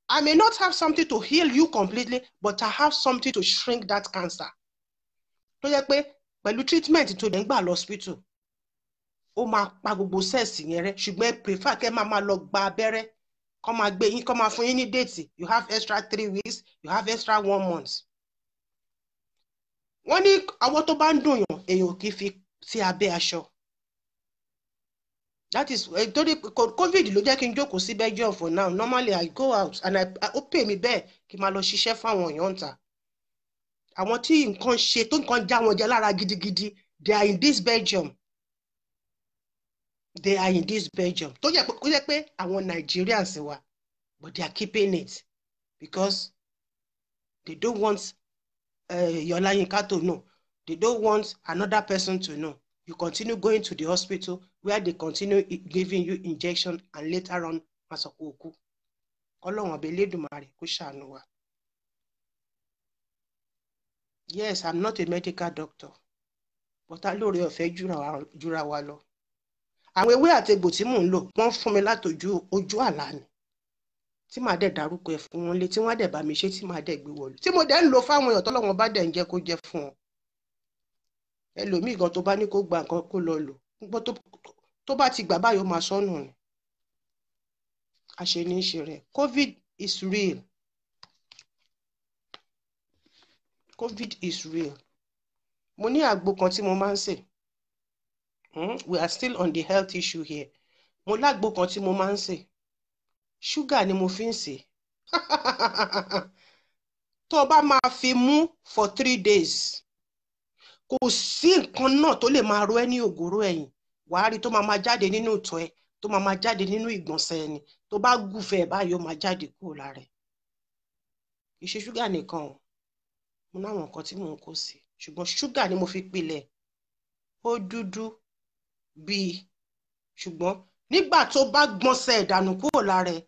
I may not have something to heal you completely but I have something to shrink that cancer tó yẹ pé pẹ̀lú treatment tó dẹ̀ ń gbà lọ hospital ó máa pa gbogbo sẹ́ẹ̀sì yẹn rẹ ṣùgbọ́n prefer kẹ́ máa máa lọ gba abẹ́rẹ́ kọ́ máa gbé yín kọ́ máa fún yín ní déètì you have extra three weeks you have extra one month. wọ́n ní àwọn tó bá ń dùn yàn èèyàn kì í fi sí abẹ́ aṣọ that is eh, torí covid ló jẹ́ kí n jókòó sí Belgium for now normally i go out and i ó pè mí bẹ́ẹ̀ kí n máa lọ ṣiṣẹ́ fáwọn èèyàn ta àwọn tí nǹkan ṣe tó nǹkan já wọn jẹ lára gidigidi they are in this Belgium they are in this Belgium tó yẹ kó jẹ́ pé àwọn Nigerians wa but they are keeping it because they don't want uh, eh, Yọlá Yinka to know they don't want another person to know you continue going to the hospital where they continue giving you injection and later on masọ̀kò òkú ọlọ́run ọbẹ̀ elédùnmarè kó ṣàánú wa. yes i'm not a medical doctor but alóore ọ̀fẹ́ jura wa lọ. àwọn ewé àtegbò tí mò ń lò wọ́n fún mi látòjú ojú àlá ni tí màá dẹ̀ dárúkọ ẹ̀ fún wọn lé tí wọ́n á dẹ̀ bá mi ṣe tí màá dẹ̀ gbé wọlé tí mo dẹ̀ ń lò fáwọn èèyàn tọ́lọ́wọ́n bá dẹ̀ ń jẹ́ kó jẹ́ fún wọn ẹlòmíì gan tó bá ní kó gba nǹkan kó lọ lò gbọ́ tó bá ti gbà báyìí máa sọnù ni àṣeníṣe rẹ̀ covid is real covid is real mo ní àgbo kan tí mo máa ń sè hmm? we are still on the health issue here mo lágbo kan tí mo máa ń sè ṣúgà ni mo fi ń sè [laughs] tó o bá máa fi mú for three days kò sí nǹkan náà tó lè máa ro ẹ́ ní ògóró ẹ̀yìn wàá rí tó máa máa jáde nínú ìtọ̀ ẹ tó máa máa jáde nínú ìgbọ̀nsẹ̀ ẹni tó bá gùfẹ̀ ẹ̀ báyìí ó máa jáde kúrò lára ẹ̀ kì ṣe ṣúgà nìkan o mo láwọn nǹkan tí mò ń kó sí ṣùgbọ́n ṣúgà ni mo fi pilẹ̀ ó dúdú bíi ṣùgbọ́n nígbà tó bá gbọ̀nsẹ̀ ìdànù kúrò lára ẹ̀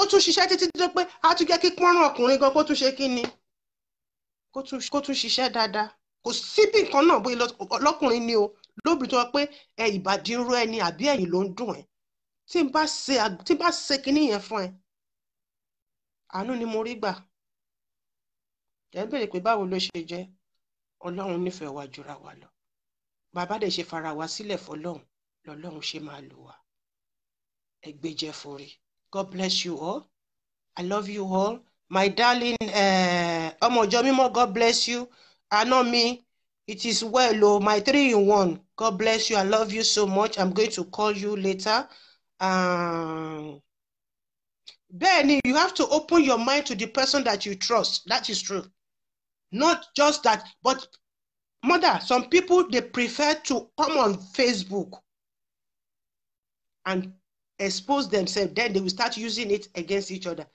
ó tún ṣiṣẹ́ títí dé pé a tún jẹ́ kí pọ́nrán ọkùnrin gan kó tún ṣe kí ni kó tún ṣiṣẹ́ dáadáa kò síbi nǹkan náà bóyá lọ́kùnrin ni o lóbìnrin tó wá pé ẹ ìbàdí ń rú ẹni àbí ẹ̀yìn ló ń dùn ẹ́ tí n bá ṣe kinní yẹn fún ẹ àánú ni mo rí gbà ẹ béèrè pé báwo ló ṣe jẹ́ ọlọ́run nífẹ̀ẹ́ wa jura wa lọ bàbá dẹ̀ ṣe fara wa sílẹ̀ fọlọ́run lọ́lọ́run ṣe máa lò wá ẹgbẹ́jẹ́ forí God bless you all I love you all. my darling eh, ọmọọjọ uh, my god bless you know me. it is well oh, my three in one god bless you i love you so much i'm going to call you later. Um, Benny, you have to open your mind to the person that you trust. That is true. Not just that, but mother, some people they prefer to come on Facebook and expose themselves. Then they will start using it against each other.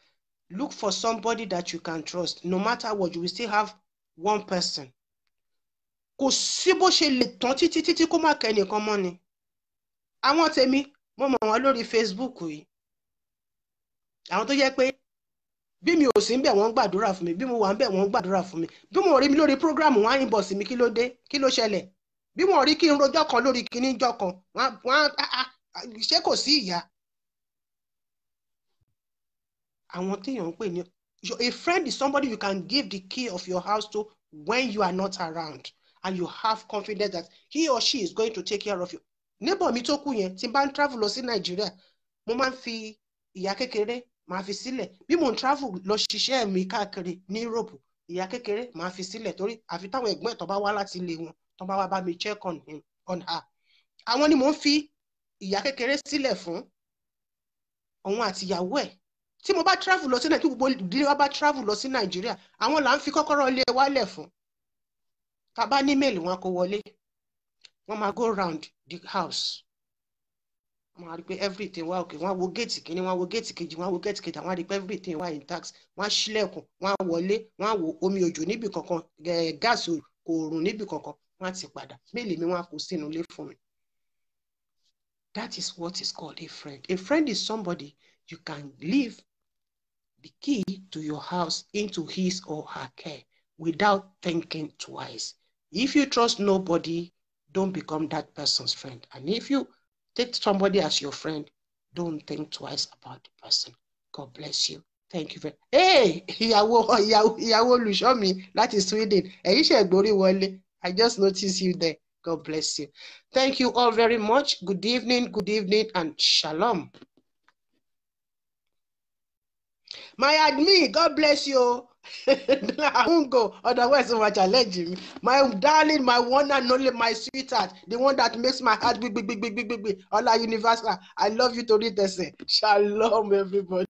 look for somebody that you can trust no matter what you will still have one person kò sí bó ṣe lè tán títí títí kó má kẹ́nìkan mọ́ ni àwọn tèmi mo mọ̀ wọ́n lórí Facebook yìí àwọn tó yẹ pé bí mi ò sí ń bẹ̀ wọ́n gbàdúrà fún mi bí mo wà ń bẹ̀ wọ́n gbàdúrà fún mi bí mo rí mi lórí program wọn á inbox mi kí ló dé kí ló ṣẹlẹ̀ bí mo rí kí n rojọ́ kan lórí kíní jọ́ kan wọ́n á ṣé kò sí ìyá àwọn téèyàn ń pè ní a friend is somebody you can give the key of your house to when you are not around and you have confidence that he or she is going to take care of you. neighbor mi tó kú yẹn tí n bá ń travel lọ sí nàìjíríà mo máa ń fi ìyá kékeré màá fi sílẹ̀ bí mo ń travel lọ ṣiṣẹ́ mi káàkiri ní europe ìyá kékeré màá fi sílẹ̀ torí àfi táwọn ẹ̀gbọ́n ẹ̀ tó bá wá láti ilé wọn tó bá wá bá mi check on him on her àwọn ni mò ń fi ìyá kékeré sílẹ̀ fún òun àti ìyàwó ẹ̀ tí mo bá travel lọ sí nàìjíríà tí gbogbo ìdílé wa bá travel lọ sí nàìjíríà àwọn là ń fi kọ́kọ́rọ́ ilé wa lẹ̀ fún tá a bá ní mail wọn kó wọlé wọn máa go round the house wọn máa rí pé everything wà okay wọn á wo géètì kìíní wọn á wo géètì kejì wọn á wo géètì kejì àwọn á rí pé everything wà intact wọn á ṣílẹ̀kùn wọn á wọlé wọn á wo omi òjò níbì kankan gáàsì kò rùn níbì kankan wọn á ti padà mail mi wọn á kó sínú ilé fún mi that is what is called a friend a friend is somebody you can live the key to your house into his or her care without thinking twice. If you trust nobody, don't become that person's friend. And if you take somebody as your friend, don't think twice about the person. God bless you. Thank you very much. Hey, ìyàwó you show me that is Sweden. you said ìgbórí wọlé. I just noticed you there. God bless you. Thank you all very much. Good evening, good evening, and shalom. My Admi, God bless you. I otherwise, you are challenging me. My darling, my one and only, my sweetheart, the one that makes my heart big, big, big, big, big, big, big, all our universal. I love you to read this. Shalom, everybody.